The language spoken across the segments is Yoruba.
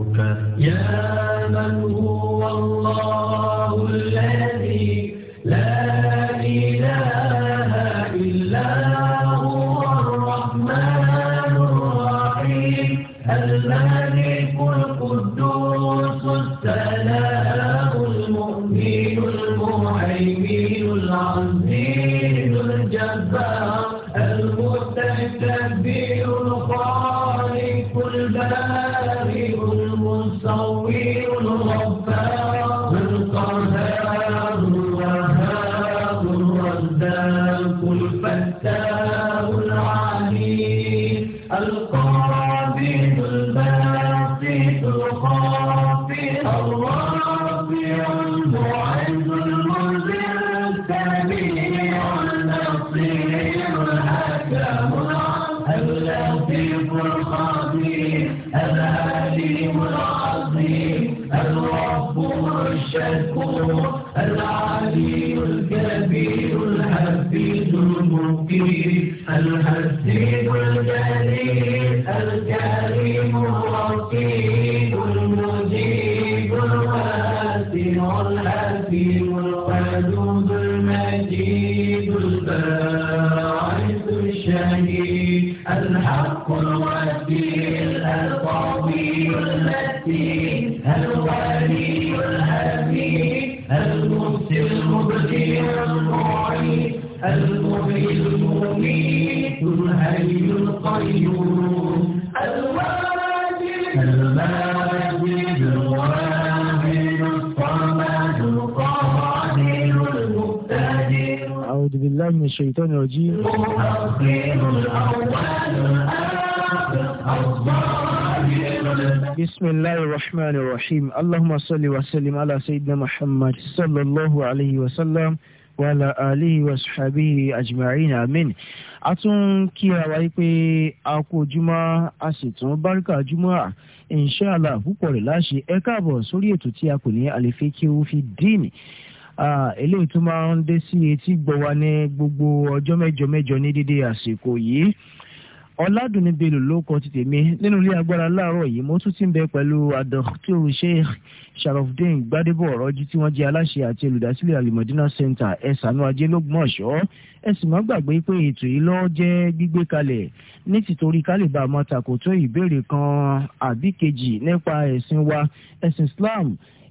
ربك يا من هو الله الذي لا إله إلا هو الرحمن الرحيم الملك الحق الوكيل القوي المتين الرجيم بسم الله الرحمن الرحيم اللهم صل وسلم على سيدنا محمد صلى الله عليه وسلم wàhálà alihi wa sàbí ajma'in amin a tún kíra wa yí pé a kú ojúmọ́ a sì tún báríkà ojúmọ́ à inshallah púpọ̀ rẹ̀ láṣẹ ẹ eléyìí tó máa ń dé sí etí gbọ́ wa ní gbogbo ọjọ́ mẹ́jọ mẹ́jọ ní dédé àsìkò yìí ọ̀làdùnní belò ló kọ ti tèmi nínú ilé agbára láàárọ̀ yìí mo tún ti ń bẹ pẹ̀lú àdókítà Sheikh sharofdin gbadebo ọ̀rọ̀jì tí wọ́n jẹ́ aláṣẹ àti olùdásílẹ̀ alimọ̀dínà center ẹ̀sánú ajé lọ́gbọ̀nsọ́ ẹ̀sìn má gbàgbé pé ètò yìí ló jẹ́ gbígbé kalẹ̀ ní tìtorí kálíbà máa tàkòtó ìbéèrè kan àbí kejì nípa ẹ̀sìn wa ẹ̀sìn islam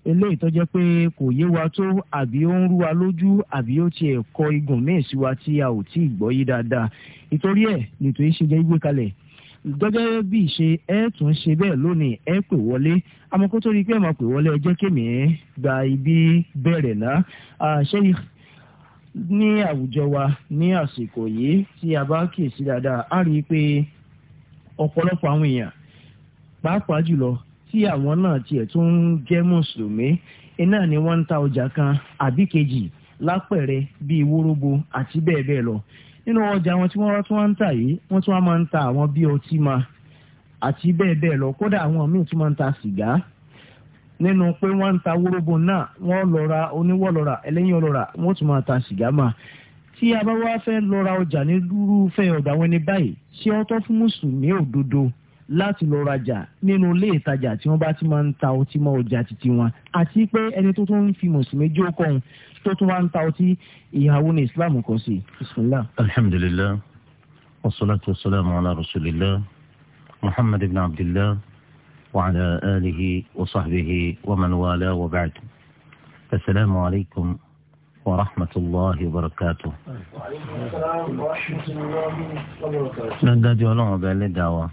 eléyìí tó jẹ́ pé kò yé wa tó àbí ó ń rú wa lójú àbí ó tiẹ̀ kọ igun míì sí wa tí a ò tí ì gbọ́ yí dáadáa ìtorí ẹ̀ nìtò yìí ṣe jẹ́ gbígbé kalẹ̀ gẹ́gẹ́ bí ìṣe ẹ tún ṣe bẹ́ẹ̀ lónìí ẹ pè wọlé àmọ́ kó tó rí pé ẹ máa pè wọlé ẹ kémi gba ibi bẹ̀rẹ̀ ná ṣé ní àwùjọ wa ní àsìkò yìí tí a bá kíyèsí dáadáa a rí i pé ọ̀pọ̀lọpọ̀ àwọn èèyàn pàápàá jùlọ tí àwọn náà tiẹ̀ tún jẹ́ mùsùlùmí iná ni wọ́n ń ta ọjà kan àbí kejì lápẹ̀rẹ̀ bíi wóróbo àti bẹ́ẹ̀ bẹ́ẹ̀ lọ nínú ọjà wọn tí wọ́n rọ́ tí wọ́n ń tà yìí wọ́n tún wá máa ń ta àwọn bíi ọtí ma àti bẹ́ẹ̀ bẹ́ẹ̀ lọ kódà àwọn míì tún máa ń ta sìgá nínú pé wọ́n ń ta wórógbó náà wọ́n lọ́ra oníwọ́ lọ́ra ẹlẹ́yìn ọlọ́ra wọ́n tún máa ta sìgá ma tí a bá wá fẹ́ lọ́ra ọjà ní irúfẹ́ ọ̀dà wọn ní báyìí ṣé ó fún mùsùlùmí òdodo láti lọ rajà nínú ilé ìtajà tí wọ́n bá ti máa ń ta ọtí mọ́ ọjà títí wọn àti pé ẹni tó tún ń fi mùsùlùmí jó kọhún tó tún wá ń ta ọtí ìyàwó ní islam kò sí. bisimilah. alhamdulilah wasalaatu wasalaamu ala rasulillah muhammad ibn abdillah wa ala alihi wa sahbihi wa man wala wa ba'd asalaamu alaykum wa rahmatulahi wa barakatu. dandajọ́ ọlọ́run ọba ẹlẹ́dàá wa.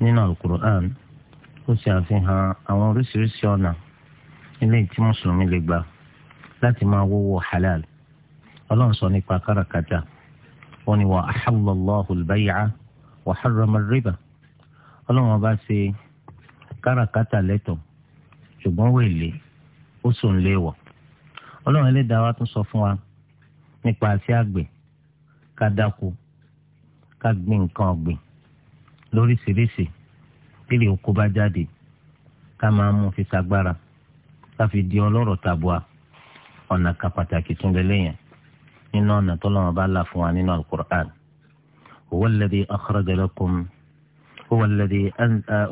nínú alukur'an ó ṣe àfihàn àwọn oríṣiríṣi ọ̀nà eléyìí tí mùsùlùmí lè gbà láti máa wọ́wọ́ halal ọlọ́run sọ nípa káràkátà wọn ni wà á hàlọ́lọ́hù báyà wà á rọmọ rìbà ọlọ́run bá ṣe káràkátà lẹ́tọ̀ ṣùgbọ́n wèlé ó sùn léèwọ̀ ọlọ́run ẹlẹ́dàá wa tún sọ fún wa nípa àti àgbẹ̀ lóríṣiríṣi kílè oko bá jáde ká máa mú fi sagbára ká fi di ọlọ́rọ̀ tabua ọ̀nà kan pàtàkì tún lélẹ́ yẹn nínú ọ̀nà tó lọ́wọ́ bá là fún wa nínú alukur'an huwa alladhi akhraja lakum huwa alladhi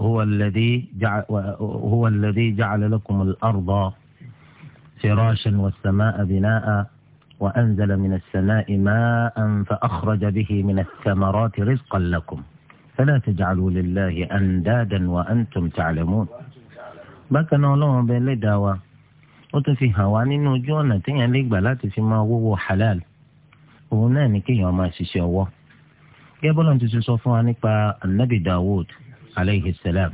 huwa alladhi huwa alladhi ja'ala lakum al-arda firashan was-samaa'a binaa'a wa anzala mina as-samaa'i maa'an fa akhraja bihi mina ath-thamarati rizqan lakum. فلا تجعلوا لله أندادا وأنتم تعلمون bákan náà ọlọ́run ọba ẹlẹ́dàá wa ó tún fi hàn wá nínú ojú ọ̀nà téèyàn lè gbà láti fi máa wówó halal òun náà ní kéèyàn máa ṣiṣẹ́ ọwọ́ gẹ́bọ́lọ́n ti sọ fún wa nípa anabi dawud alayhi salam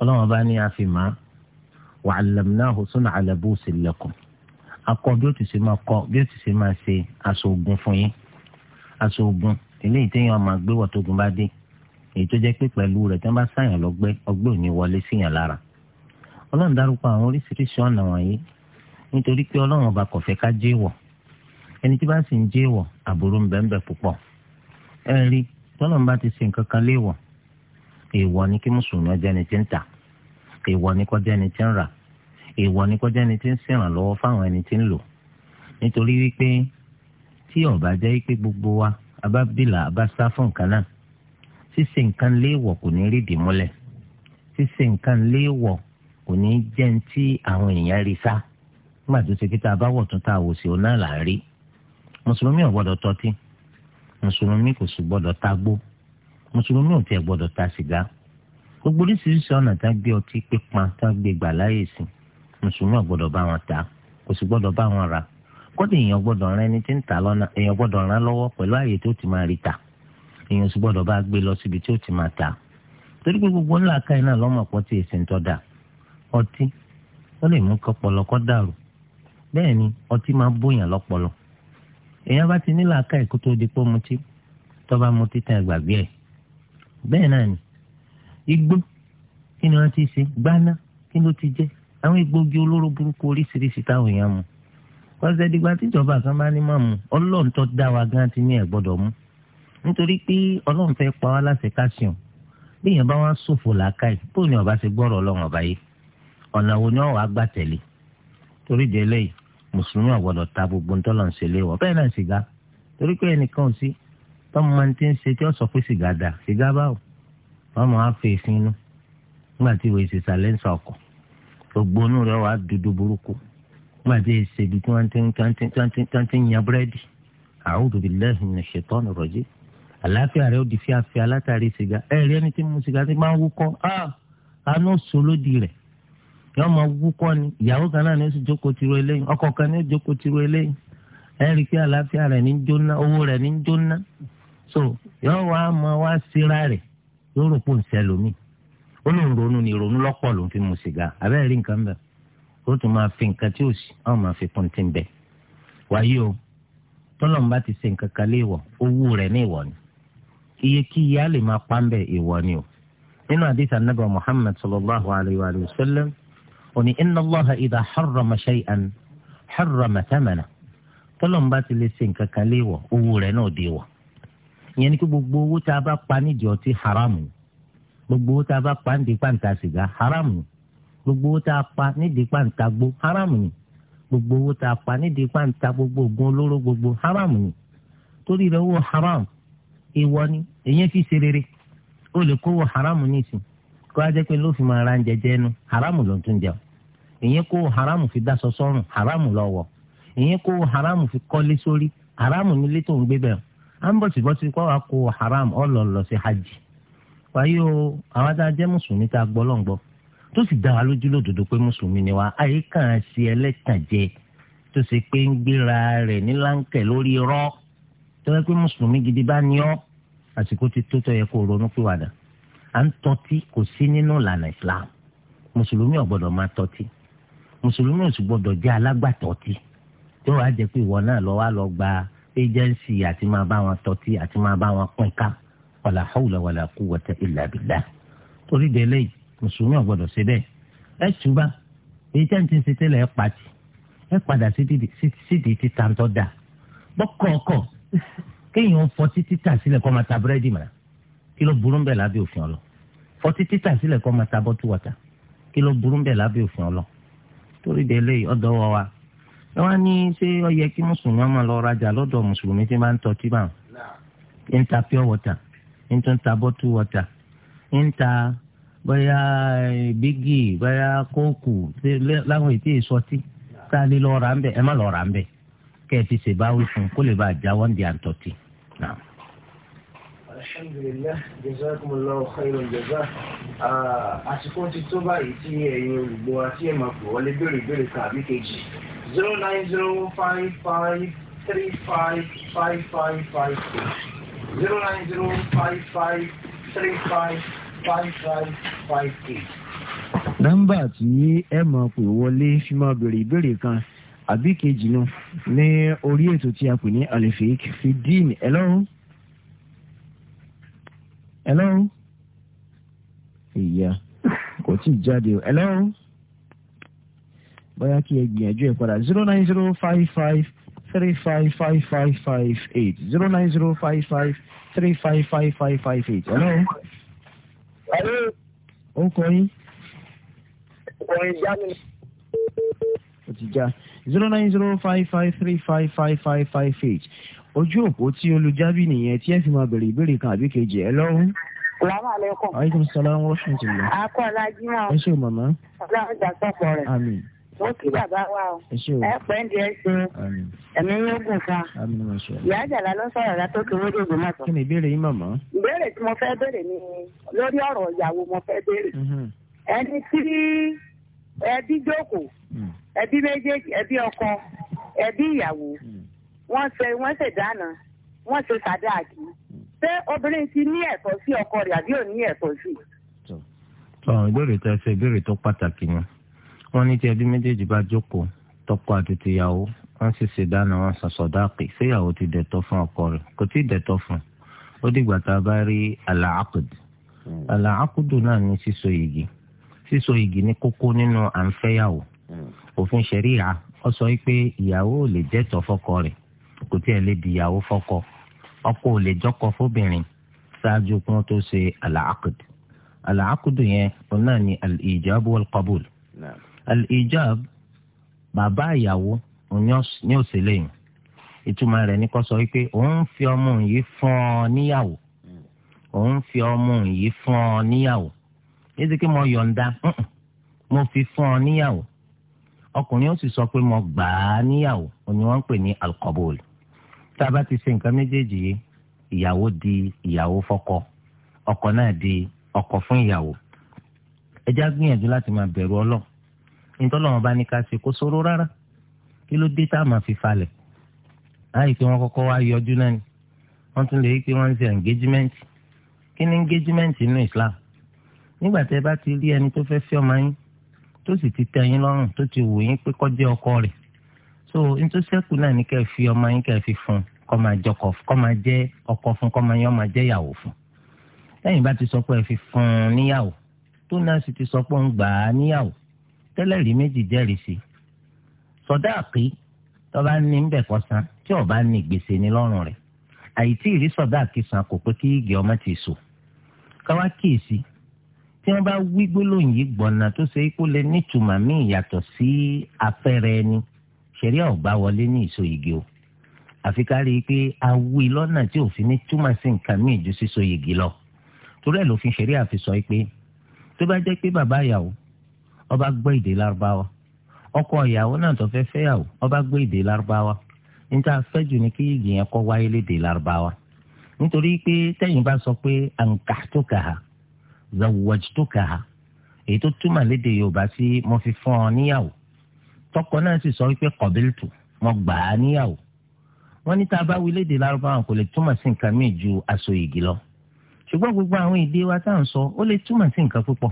ọlọ́run ọba ní àfìmá wa allamnahu sun'ala busin lakum akọ bí ó ti ṣe máa kọ bí ó ti ṣe máa ṣe aṣọ ogun fún yín aṣọ ogun eléyìí téèyàn máa gbé wọ̀ tógun bá dé èyí tó jẹ́ pé pẹ̀lú rẹ̀ tí wọ́n bá sáyàn lọ́gbẹ́ ọgbẹ́ ò ní wọlé síyàn lára ọlọ́run dárúkọ àwọn oríṣiríṣi ọ̀nà wọ̀nyí nítorí pé ọlọ́run ọba kò fẹ́ ká jéèwọ̀ ẹni tí bá sì ń jéèwọ̀ àbúrò ń bẹ́ẹ̀ púpọ̀ ẹ rí tọ́lọ́run bá ti ṣe nǹkan kan léèwọ̀ èèwọ̀ ni kí mùsùlùmí ọjọ́ ẹni tí ń tà èèwọ̀ ni kọjá ẹni tí ń rà èèwọ̀ ni kọjá ẹni tí ń ṣèrànlọ́wọ́ fáwọn ẹni tí ń lò nítorí wípé tí ó bá gbogbo wa abábìlà abá fún nǹkan náà ṣíṣe nǹkan léèwọ̀ kò ní rí ìdí múlẹ̀ ṣíṣe nǹkan léèwọ̀ kò ní jẹ́ ń tí àwọn èèyàn rí sá nígbà tó ṣe kíta abáwọ̀ tún tá a wò sí òun náà là ń rí mùsùlùmí ò gbọ́dọ̀ tọ́tí mùsùlùmí kò sì gbọ́dọ̀ ta gbó mùsùlùmí ò tiẹ̀ gbọ́dọ̀ ta sìgá gbogbo oríṣiríṣi ọ̀nà tá gbé ọtí pípọn tá gbé gbà láyè sí mùsùlùmí ò gbọ́dọ̀ bá wọn ta kò sì gbọ́dọ̀ bá wọn rà kọ́dà èèyàn gbọ́dọ̀ rán ẹni tí ń ta lọ́nà èèyàn gbọ́dọ̀ rán lọ́wọ́ pẹ̀lú àyè tó ti máa rí ta èèyàn sì gbọ́dọ̀ bá gbé lọ síbi tí ó ti máa ta torí pé gbogbo ńlá káyì náà lọ́mọ pọ̀ tí èsì ń tọ́da ọtí ó lè mú kọpọlọ kọ́ dàrú bẹ́ẹ̀ ni ọtí máa bóyàn lọ́pọlọ èèyàn bá ti nílà káyì kó tó di pé mutí tó bá mutí tán ẹgbàgbé ẹ̀ bẹ́ẹ̀ náà ni igbó kí ni wọ́n ti ṣe gbaná kí ló ti jẹ́ àwọn egbògi olóró burúkú oríṣiríṣi táwọn èèyàn mu kọ́sẹ́dìgbà tíjọba kan bá ní mọ̀ mu ọlọ́run dá wa gan ti ní ẹ̀ gbọ́dọ̀ mu nítorí pé ọlọ́run fẹ́ pa wá láṣẹ káṣíọ̀n bí èèyàn bá wá ṣòfò làákàyè bó ni ọba ṣe gbọ́rọ̀ ọlọ́run ọba yìí ọ̀nà wo ni ọ̀wá gbà tẹ̀lé torí di eléyìí mùsùlùmí ọ̀gbọ́dọ̀ ta gbogbo ntọ́lọ̀ ń ṣe léwọ̀ bẹ́ẹ̀ náà sìgá torí pé ẹnìkan ò sí tọ́mọ máa ń ti ń ṣe tí ó sọ pé sìgá dà sìgá báwò wọ́n máa fẹ́ ìfín inú nígbà tí ìwé ṣe sàlẹ́ńsà ọkọ̀ gbogbo inú rẹ̀ wà dúdú burúkú nígbà tí ìṣèlú tí wọ́n ti ń yan búrẹ́dì a'udhu billahi minash shaitani rajim àlàáfíà rẹ ó di fíafíà látàrí sìgá ẹ rí ẹni tí mu sìgá ti máa ń wúkọ́ àánú sọlódì rẹ̀ yọọ máa wúkọ́ ni ìyàwó kan náà ní oṣù jókòó tiro eléyìí ọkọ kan ní oṣù jókòó tiro eléyìí ẹ rí pé àlàáfíà rẹ̀ ní jóná owó rẹ̀ ní jóná so yọọ wá máa wá síra rẹ̀ yóò rò pò ń sẹlómi ó lè ronú ni ronú lọ́pọ̀ ló ń fi mu sìgá abẹ́rẹ́ rí nǹkan bẹ́ẹ̀ ó tún máa fi nǹkan tí ò sí àwọn máa fi kún bẹ wáyé o tọ́lọ́mùbá ti ṣe nǹkan kan léèwọ̀ owó rẹ̀ ní ìwọ̀ ni iye kí ìyá lè máa pa ń bẹ̀ ìwọ ni o nínú àdìsá nàbà muhammad sallallahu alayhi wa sallam òní inna allaha idha harrama shay'an harrama thamana tọ́lọ́mbà ti lè ṣe nǹkan kan léèwọ̀ owó rẹ̀ náà dé wọ̀ ìyẹn ni kí gbogbo owó tá a bá pa nídìí ọtí haramu gbogbo owó tá a bá pa nídìí pàǹtà sìgá haramu gbogbo owó tá a pa nídìí pàǹtà gbó haramu ni gbogbo owó tá a pa nídìí pàǹtà gbogbo ògùn olóró gbogbo haramu ni torí rẹ̀ owó haramu ìwọ ni èyàn fi ṣe rere ó lè kówó haramu nísìn kó a jẹ́ pé ló máa ra oúnjẹ jẹ nu haramu ló ń tún jẹ o èyàn kówó haramu fi dáṣọ sọ́rùn haramu ló wọ̀ èyàn kówó haramu fi kọ́lé sórí haramu nílé tó ń gbé bẹ́ẹ̀ à ń bọ̀ síbọ̀ sí kó wa kówó haramu ọlọ́ọ̀lọ́ sí hajj wáyé o àwọn tá jẹ́ mùsùlùmí tá a gbọ́ lọ́ngbọ́n tó sì dá wa lójú lódodo pé mùsùlùmí ni wa àyè kàn án sí ẹlẹ́tàjẹ tó ṣe pé ń gbéra rẹ̀ níláńkẹ̀ lórí irọ́ tó yẹ pé mùsùlùmí gidi bá ní ọ́ àsìkò ti tó tọ́ yẹ kó ronú pìwàdà à ń tọ́tí kò sí nínú ìlànà islam mùsùlùmí ò gbọ́dọ̀ máa tọ́tí mùsùlùmí ò sì gbọ́dọ̀ jẹ́ alágbàtọ́tí tí ó wàá jẹ́ pé ìwọ náà lọ wá lọ gba éjẹ́ǹsì àti máa bá wọn tọ́tí àti máa bá wọn pín ká wàlà hàwùlà wàlà kúwwata ìllà billah torí délé mùsùlùmí ò gbọ́dọ̀ ṣe bẹ́ẹ̀ ẹ túbà èyí tẹ́ ń ti ṣe tẹ́lẹ̀ ẹ pàtì ẹ padà sídìí títà ń tọ́ bọ́kọ̀ọ̀kọ̀ kéèyàn ń fọtí títà sílẹ̀ kó máa ta búrẹ́dì mọ́ra kí ló burú bẹ́ẹ̀ lábẹ́ òfin ọlọ fọtí títà sílẹ̀ kó máa ta bọ́tú wọ̀tà kí ló burú bẹ́ẹ̀ lábẹ́ òfin ọlọ torí bẹ́ẹ̀ lẹ́yìn ọ̀dọ́ wọ wa ẹ wá ní ṣé ó yẹ kí mùsùlùmí ọmọ lọ rajà lọ́dọ̀ mùsùlùmí tí máa ń tọ́tí bá ń ta pure water ń tún ta bọ́tú water ń ta bóyá eh, bígì bóyá kóòkù láwọn ètí ìsọtí tá a lè lọ rà ń bẹ ẹ má lọ fún kó lè bá a jáwọ́ ń di àǹtọ̀tì. نعم الحمد لله جزاكم الله خير الجزاء àsìkò ti tó báyìí tí ẹ̀yin olùgbò àti ẹ̀mà kò wọlé béèrè béèrè tàbí kejì zero nine zero five five three five five five five zero nine zero five five three five five five five eight. nọ́mbà tí ẹ̀mà kò wọlé fi máa béèrè ìbéèrè kan àbí kejì nu ní orí ètò tí a pè ní alifik fidin hello hello ìyá kò tí ì jáde o hello bóyá kí ẹ gbìyànjú ẹ padà zero nine zero five five three five five five five eight zero nine zero five five three five five five five eight hello. hello. o kọ yín. ó kọ yín Àbújá zero nine zero five five three five five five five eight ojú òpó tí olùjábí nìyẹn tí ẹ fi máa bèrè ìbéèrè kan àbí kejì ẹ lọ́wọ́. Salaamu aleykum. Aleykum salaam wa rahmatulah. Akọ Lajima. Ẹ ṣe o màmá. Ọlọ́run jà sọ̀pọ̀ rẹ̀. Àmín. Mo kí bàbá wa o. Ẹ ṣe o. Ẹ pẹ́ ń di ẹ ṣe o. Àmín. Ẹ̀mí yóò gùn ká. Àmín ni mo ṣe. Ìyá Àjàlá ló sọ̀rọ̀ rẹ tó kí wọ́n dògbò máa sọ. Kí ni ìbéèrè yín màmá? Ìbéèrè tí mo fẹ́ béèrè ni lórí ọ̀rọ̀ ìyàwó mo fẹ́ béèrè. Mhm. Ẹni tí ẹbí jókòó hmm. ẹbí méjèèjì ẹbí ọkọ ẹbí ìyàwó hmm. wọn ṣe wọn ṣe dáná wọn ṣe sàdáàkì hmm. ṣé obìnrin ti ní ẹ̀tọ́ sí ọkọ rẹ̀ àbí ò ní ẹ̀tọ́ sí. ìbéèrè tó ṣe ìbéèrè tó pàtàkì ni wọ́n ní tí ẹbí méjèèjì bá jókòó tọkọ àti tìyàwó sì ṣe dáná ṣéyàwó ti dẹ̀tọ́ fún ọkọ rẹ̀ kò tí ì dẹ̀tọ́ fún ó dìgbà tá a bá sísọ igi ní kókó nínú à ń fẹ́yàwó hmm. òfin ṣẹ̀ríà ó sọ pé ìyàwó ò lè jẹ́tọ̀ fọ́kọ rẹ̀ kò tí ẹ̀ lè di ìyàwó fọ́kọ ọkọ ò lè jọ́kọ fóbìnrin ṣáájú kí wọ́n tó ṣe al-aqd al yẹn òun náà ni al-ijab wal-qabul bàbá ìyàwó ni ó ṣe lẹ́yìn ìtumọ̀ rẹ̀ ní kó sọ wípé òun fi ọmọ yìí fún ọ níyàwó hmm. òun fi ọmọ yìí fún ọ níyàwó yéésì kí mo yọ̀ǹda mo fi fún ọ níyàwó ọkùnrin ó sì sọ pé mo gbà á níyàwó òní wọ́n ń pè ní alkobol tá a bá ti ṣe nǹkan méjèèjì yìí ìyàwó di ìyàwó fọ́kọ ọkọ náà di ọkọ fún ìyàwó ẹ já gbìyànjú láti máa bẹ̀rù ọlọ́ nítorí wọn bá ní ká ṣe kó sóró rárá kí ló dé tá a máa fi falẹ̀ láì pé wọ́n kọ́kọ́ wá yọjú náà ni wọ́n tún lè rí pé wọ́n ń ṣe engagement kí ni engagement nínú Islam nígbà tẹ́ bá ti rí ẹni tó fẹ́ fẹ́ ọmọ yín tó sì ti tẹ́ yín lọ́rùn tó ti wù yín pé kó jẹ́ ọkọ rẹ̀ so n tó ṣẹ́kù náà ní kẹ́ fi ọmọ yín kẹ́ fi fún kó máa jọkọ kó máa jẹ́ ọkọ fún kó máa yín ọmọ jẹ́ ìyàwó fún lẹ́yìn bá ti sọ pé ẹ fi fún un níyàwó tó náà sì ti sọ pé ń gbà á níyàwó tẹ́lẹ̀ rí méjì jẹ́rìí sí i sọdáàkì tó bá ní ń bẹ̀ kọ́ san tí ò bá ní gbèsè ní lọ́rùn rẹ̀ àìtí ìrí sọdáàkì kò pé kí igi ọmọ ti sò káwá kíyèsí tí wọ́n bá wí gbólóhùn yìí gbọ̀nà tó ṣe kó lè nítumọ̀ míì yàtọ̀ sí afẹ́rẹ́ ẹni ṣẹ̀rí ọ̀gbá wọlé ní ìsọ igi o àfi ká rí i pé a wí lọ́nà tí òfin ní túmọ̀ sí nǹkan míì ju sísọ igi lọ torí ẹ̀ lófin ṣẹ̀rí àfi sọ pé tó bá jẹ́ pé bàbá ìyàwó ọba gbọ́ èdè lárúbáwá ọkọ ìyàwó náà tó fẹ́ fẹ́yàwó ọba gbọ́ èdè lárúbáwá níta fẹ́jù ni kí igi yẹn kọ́ wáyé lédè lárúbáwá nítorí pé tẹ́yìn bá sọ pé àǹkà tó kà á zawwajtukaha èyí tó túmọ̀ léde yorùbá sí mo fi fún ọ níyàwó tọkọ náà sì sọ wípé qabiltu mo gbà á níyàwó wọn ní tá a bá wí léde lárúbáwọn kò lè túmọ̀ sí nǹkan míì ju aṣọ ìgì lọ ṣùgbọ́n gbogbo àwọn èdè wa tá à ń sọ ó lè túmọ̀ sí nǹkan púpọ̀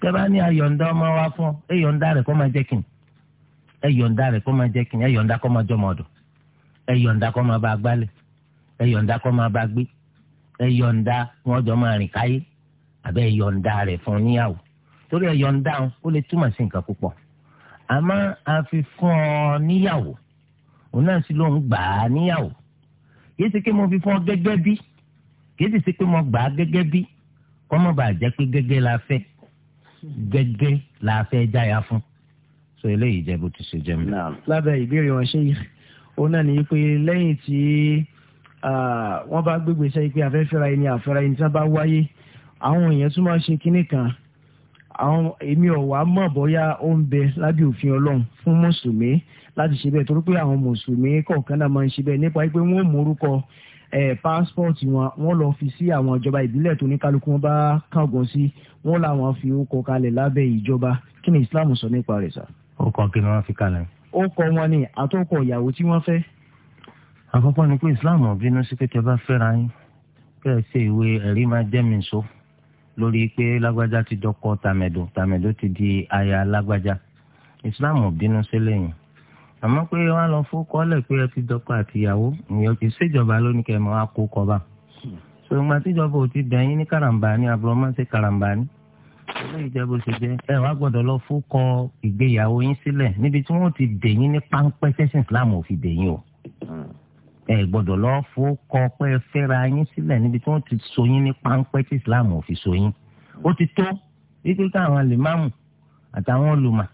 tẹ bá ní ayọ̀ǹda ọmọ wa fún ẹ yọ̀ǹda rẹ̀ kó máa jẹ́ kí n ẹ rẹ̀ kó máa jẹ́ kí n ẹ yọ̀ǹda máa jọmọ ọ̀dọ̀ ẹ yọ̀ǹda máa bá gbálẹ̀ ẹ yọ̀ǹda máa bá gbé ẹ wọn jọ máa rìn káyé àbẹ́ yọ̀ǹda rẹ̀ fún níyàwó torí ẹ̀yọ̀ǹda ó lè túmọ̀ sí nǹkan púpọ̀ àmọ́ a fi fún ọ níyàwó òun náà sì ló ń gbà á níyàwó kìí ṣe pé mo fi fún ọ gẹ́gẹ́ bí kìí sì ṣe pé mo gbà á gẹ́gẹ́ bí kọ́ mọ́ bàa jẹ́ pé gẹ́gẹ́ la fẹ́ gẹ́gẹ́ la fẹ́ jáya fún so eléyìí jẹ́ bó ti ṣe jẹ́ mi. lábẹ́ ìbéèrè wọn ṣe òun náà ní pé lẹ́yìn tí ah, wọ́n bá gbégbèsẹ́ pé afẹ́fẹ́ra ẹni àfẹ́ra ẹni tí wọ́n bá wáyé àwọn èèyàn tún máa ṣe kinní kan àwọn èmi ọ̀wá mọ̀ bóyá ó ń bẹ lábẹ́ òfin ọlọ́run fún mùsùlùmí láti ṣe bẹ́ẹ̀ torí pé àwọn mùsùlùmí kọ̀ọ̀kan náà máa ń ṣe bẹ́ẹ̀ nípa pé wọ́n mú orúkọ passport wọn wọ́n lọ fi sí àwọn ìjọba ìbílẹ̀ tó ní kálukú wọn bá kángun sí wọ́n làwọn fi orúkọ kalẹ̀ lábẹ́ ìjọba kí ni Islam sọ nípa rẹ̀ sà. ó kọ kí ni wọ́n fi kalẹ̀. ó kọ wọn ni àtọkọ ìyàwó tí wọ́n fẹ́. àkọ́kọ́ ni pé Islam ò bínú sí pé tẹ bá fẹ́ra yín kẹ́ ẹ ṣe ìwé ẹ̀rí máa jẹ́ mi sọ. So lórí pé lágbájá ti dọkọ tàmẹ̀dò tàmẹ̀dò ti di aya lágbájá islam ò bínú sílẹ̀ yìí àmọ́ pé wọ́n lọ fún kọ́lẹ̀ pé ẹ ti dọkọ àtìyàwó ìṣèjọba lónìí kẹmọ́ akókọba sọgbà tíjọba ò ti dẹ̀yìn ní karambani aburoma ṣe karambani olóyè jẹ́ bó ṣe jẹ́ ẹ wàá gbọ́dọ̀ lọ fún kọ ìgbéyàwó yín sílẹ̀ níbi tí wọ́n ti dẹ̀yìn ní páńpẹ́ sẹ́sìn islam ò fi dẹ̀yìn o ẹ gbọ́dọ̀ lọ fọkọ pé fẹ́ra yín sílẹ̀ níbi tí wọ́n ti so yín ní páńpẹ́ tí islam ò fi so yín ó ti tó wípé káwọn lèmáàmù àtàwọn olùmọ̀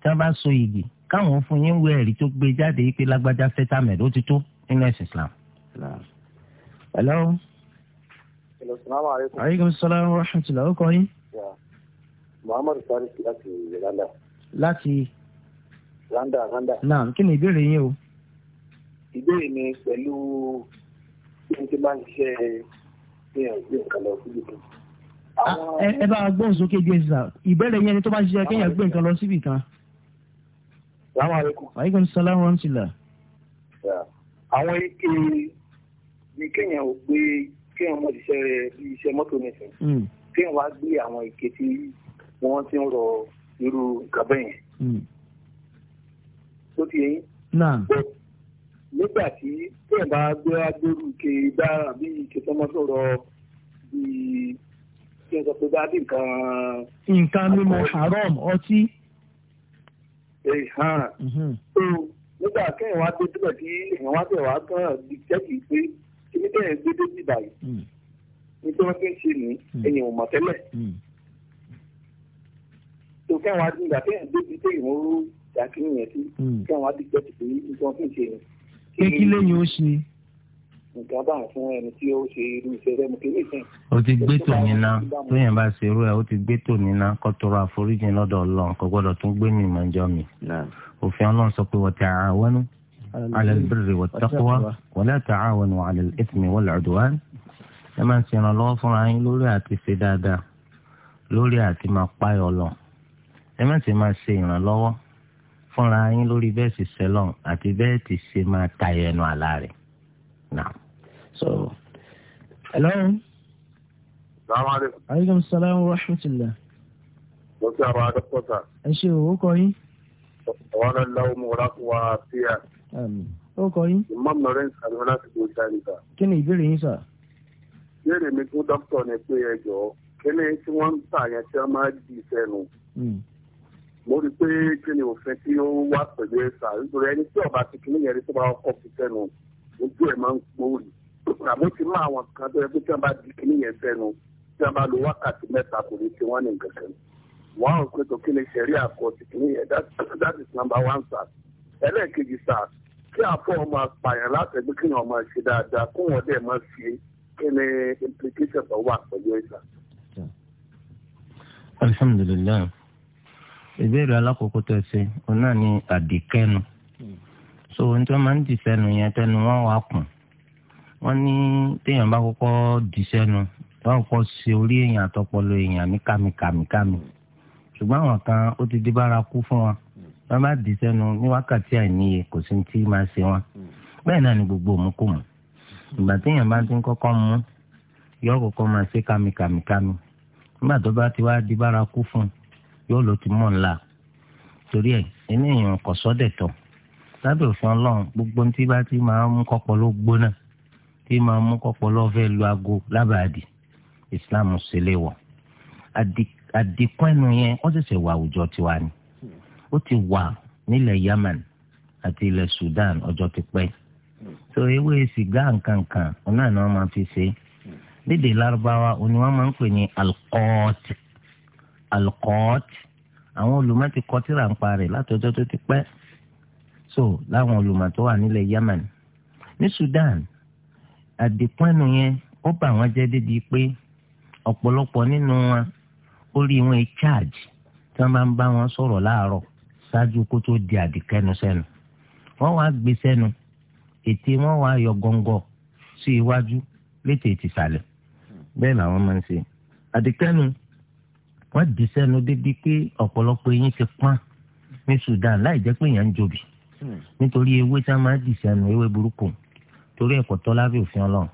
tí wọ́n bá so yìgì káwọn fún yín wé ẹ̀rí tó gbé jáde wípé lágbájá fẹ́ tàmẹ̀d ó ti tó nínú ẹ̀sìn islam. hello. hello salaam aleykum. aleykum salaam wa rahmatulah ó kọ yín. muhammadu salisu láti randa. láti. randa randa. naam kí ni ìbéèrè yín o ìbéèrè mi pẹ̀lú bí mo ti máa ń ṣiṣẹ́ fihàn gbé nǹkan lọ síbi kan. Ah, ẹ bá gbóhùn sókè díẹ̀ sísà ìbéèrè yẹn ni tó bá ń ṣiṣẹ́ kéèyàn gbé nǹkan lọ síbi kan. Assalamu alaikum. Wa alaikum salaam wa rahmatullah. àwọn ike ni kéèyàn ò gbé kéèyàn mọ̀ ṣiṣẹ́ rẹ̀ bí iṣẹ́ mọ́tò nìkan hmm. kéèyàn wá gbé àwọn ike tí wọ́n ti ń rọ irú nǹkan bẹ́ẹ̀ yẹn. tó hmm. náà nígbà tí tẹ̀ bá gbé agbóru ke dára bí kẹsàn-án sọ̀rọ̀ bí kí n sọ pé bá bí nǹkan. nǹkan mímu haram ọtí. Eh, mhm. so nígbà kẹ́yìn wá dé dúpẹ́ tí èèyàn wá tẹ̀ wá kàn bí jẹ́kì pé kíní kẹ́yìn gbé dé bíbá yìí mm. nítorí wọ́n fi ń ṣe ní ẹ̀yìn mm. ò mọ̀ tẹ́lẹ̀ tó mm. kẹ́wọ́n adúgbà kẹ́yìn débi pé ìwọ́n rú dàkí yẹn sí kẹ́wọ́n adigun ti pé nítorí wọ́n fi ń ṣe yẹn pé kí hmm. lẹ́yìn ó ṣe. nǹkan bá fún ẹni tí ó ṣe irú iṣẹ́ rẹ̀ mú kí lè sìn. ó ti gbé tò níná tó yẹn bá ṣe irú ẹ̀ ó ti gbé tò níná kó tọrọ àforíjì lọ́dọ̀ Ọlọ́run kò gbọ́dọ̀ tún gbé mi mọ́jọ́ mi. òfin Ọlọ́run sọ pé wa ta'awanu 'ala al-birri wat-taqwa wa la ta'awanu 'ala al-ithmi wal-'udwan ẹ máa ń ṣe ìrànlọ́wọ́ fúnra yín lórí àti ṣe dáadáa lórí àti máa páyọ̀ lọ ẹ má ṣe máa ṣe ìrànlọ́wọ́ fúnra yín lórí bẹ́ẹ̀ sì sẹ́lọ̀n àti bẹ́ẹ̀ ti ṣe máa ta ẹnu àlá rẹ̀ so hello. salaamaleykum. aleykum salaam wa rahmatulah. mo ti àwọn adókòtà. ẹ ṣe òwò kọ yín. ọ̀wọ́n náà lọ́wọ́ mo rà wá sí ẹ. ó kọ yín. imam lawrence alhamdulilayi láti kó jáde ta. kí ni ìbéèrè yín sà. ìbéèrè mi fún dókítà ni pé ẹ jọ kí ni tí wọ́n ń tà yẹn tí wọ́n máa di sẹ́nu. Hmm mo rí i pé kí ni òfin tí ó wà pẹ̀lú ẹ̀sà nítorí ẹni tí ọba ti kíní yẹn rí tó bá kọ́ fi sẹ́nu ojú ẹ̀ máa ń gbóòrì àmọ́ ti mú àwọn kan tó yẹ pé wọ́n bá di kíní yẹn sẹ́nu tí wọ́n bá lo wákàtí mẹ́ta kò ní ti wọ́n ní nǹkan kan wọ́n á pé tó kí ni sẹ̀rí àkọ́ ti kíní yẹn that is number one sir ẹlẹ́ẹ̀kejì sir kí àfọ ọmọ apààyàn látẹ̀gbẹ́ kí wọ́n máa ṣe dáadáa kó wọ́n dẹ̀ máa ìbéèrè alákòókò tó ṣe òun náà ni àdìkẹ́nu so ohun tí wọ́n máa ń dì sẹ́nu yẹn tẹnu wọ́n wà kùn wọ́n ní téèyàn bá kọ́kọ́ dì sẹ́nu wọ́n kọ́kọ́ ṣe orí èèyàn àtọpọlọ èèyàn ní kàmìkàmìkàmì ṣùgbọ́n àwọn kan ó ti di bárakú fún wọn wọ́n bá dì ní wákàtí àìníye kò sí ní máa ṣe wọn bẹ́ẹ̀ náà ni gbogbo òmùkùmù ìgbà téèyàn bá ti ń kọ́kọ́ mú yọ kọ́kọ́ máa ṣe kàmìkàmìkàmì nígbà tó bá ti wá di bárakú fún un yóò ló ti mọ̀ ńlá torí ẹ̀ inú èèyàn kò sọ́dẹ̀tọ̀ lábẹ́ òfin ọlọ́run gbogbo tí bá ti máa mú kọ́pọ̀lọ́ gbóná tí máa mú kọ́pọ̀lọ́ fẹ́ lu aago lábàádì Islam ṣe lè wọ̀ àdìkún ẹnu yẹn ó ṣẹ̀ṣẹ̀ wà àwùjọ tiwa ni ó ti wà nílẹ̀ Yemen àti ilẹ̀ Sudan ọjọ́ ti pẹ́ so ewé sìgá nkankan ọ̀nà ni wọ́n máa fi ṣe lédè lárúbáwá òní wọ́n máa ń pè ní alkọ́ọ̀tì alqat àwọn olùmọ̀ ti kọ tírà ń parẹ látọjọ́ tó ti pẹ́ so láwọn olùmọ̀ tó wà nílẹ̀ Yemen ní Sudan àdìpọ́n ẹnu yẹn ó bà wọ́n jẹ́ débi pé ọ̀pọ̀lọpọ̀ nínú wọn ó rí wọn ẹ charge tí wọ́n bá ń bá wọn sọ̀rọ̀ láàárọ̀ ṣáájú kó tó di àdìkẹ́nu sẹ́nu wọ́n wá gbé sẹ́nu ètè wọ́n wá yọ gọ́ngọ́ sí iwájú létè ìtìsàlẹ̀ bẹ́ẹ̀ làwọn máa ń ṣe àdìkẹ́nu wọ́n di sẹ́nu débi pé ọ̀pọ̀lọpọ̀ eyín ti pọ́n ní Sudan láì jẹ́ pé èèyàn ń jòbì hmm. nítorí ewé tí wọ́n máa di sẹ́nu ewé burúkú torí ẹ̀kọ́ tọ́ lábẹ́ òfin ọlọ́run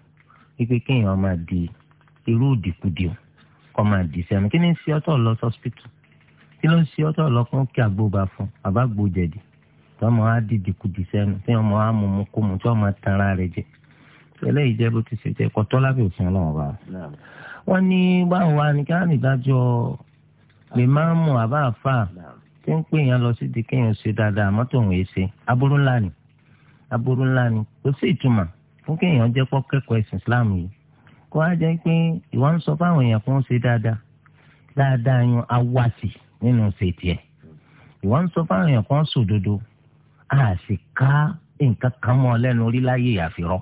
wípé kéèyàn máa di irú òdìkudìò kọ́ máa di sẹ́nu kí ni ń ṣe ọ́tọ̀ lọ sọ́spítù kí ló ń ṣe ọ́tọ̀ lọ fún kí agbóba fún àbágbó jẹ̀dì tí wọ́n máa di dìkudì sẹ́nu tí wọ́n máa mú mú kó mu tí wọ́n máa tan ara rẹ̀ jẹ eléyìí jẹ́ bó ti ṣe jẹ́ ẹ̀kọ́ tọ́ lábẹ́ òfin ọlọ́run bá wọn ní báwo wá ní ká nìdájọ́ lè máa mú àbá àfà tí ń pè yẹn lọ sí di kéèyàn ṣe dáadáa mọ́tò òun èsè aburú ńlá ni aburú ńlá ni kò sí ìtumọ̀ fún kéèyàn jẹ́ pọ́ kẹ́kọ̀ọ́ ẹ̀sìn Islam yìí kó wá jẹ́ pé ìwọ ń sọ fáwọn èèyàn kó ń ṣe dáadáa dáadáa yun awasi nínú ṣètì ẹ̀ ìwọ ń sọ fáwọn èèyàn kó ń sòdodo a sì ká nǹkan kan mọ́ lẹ́nu orí láyé àfirọ́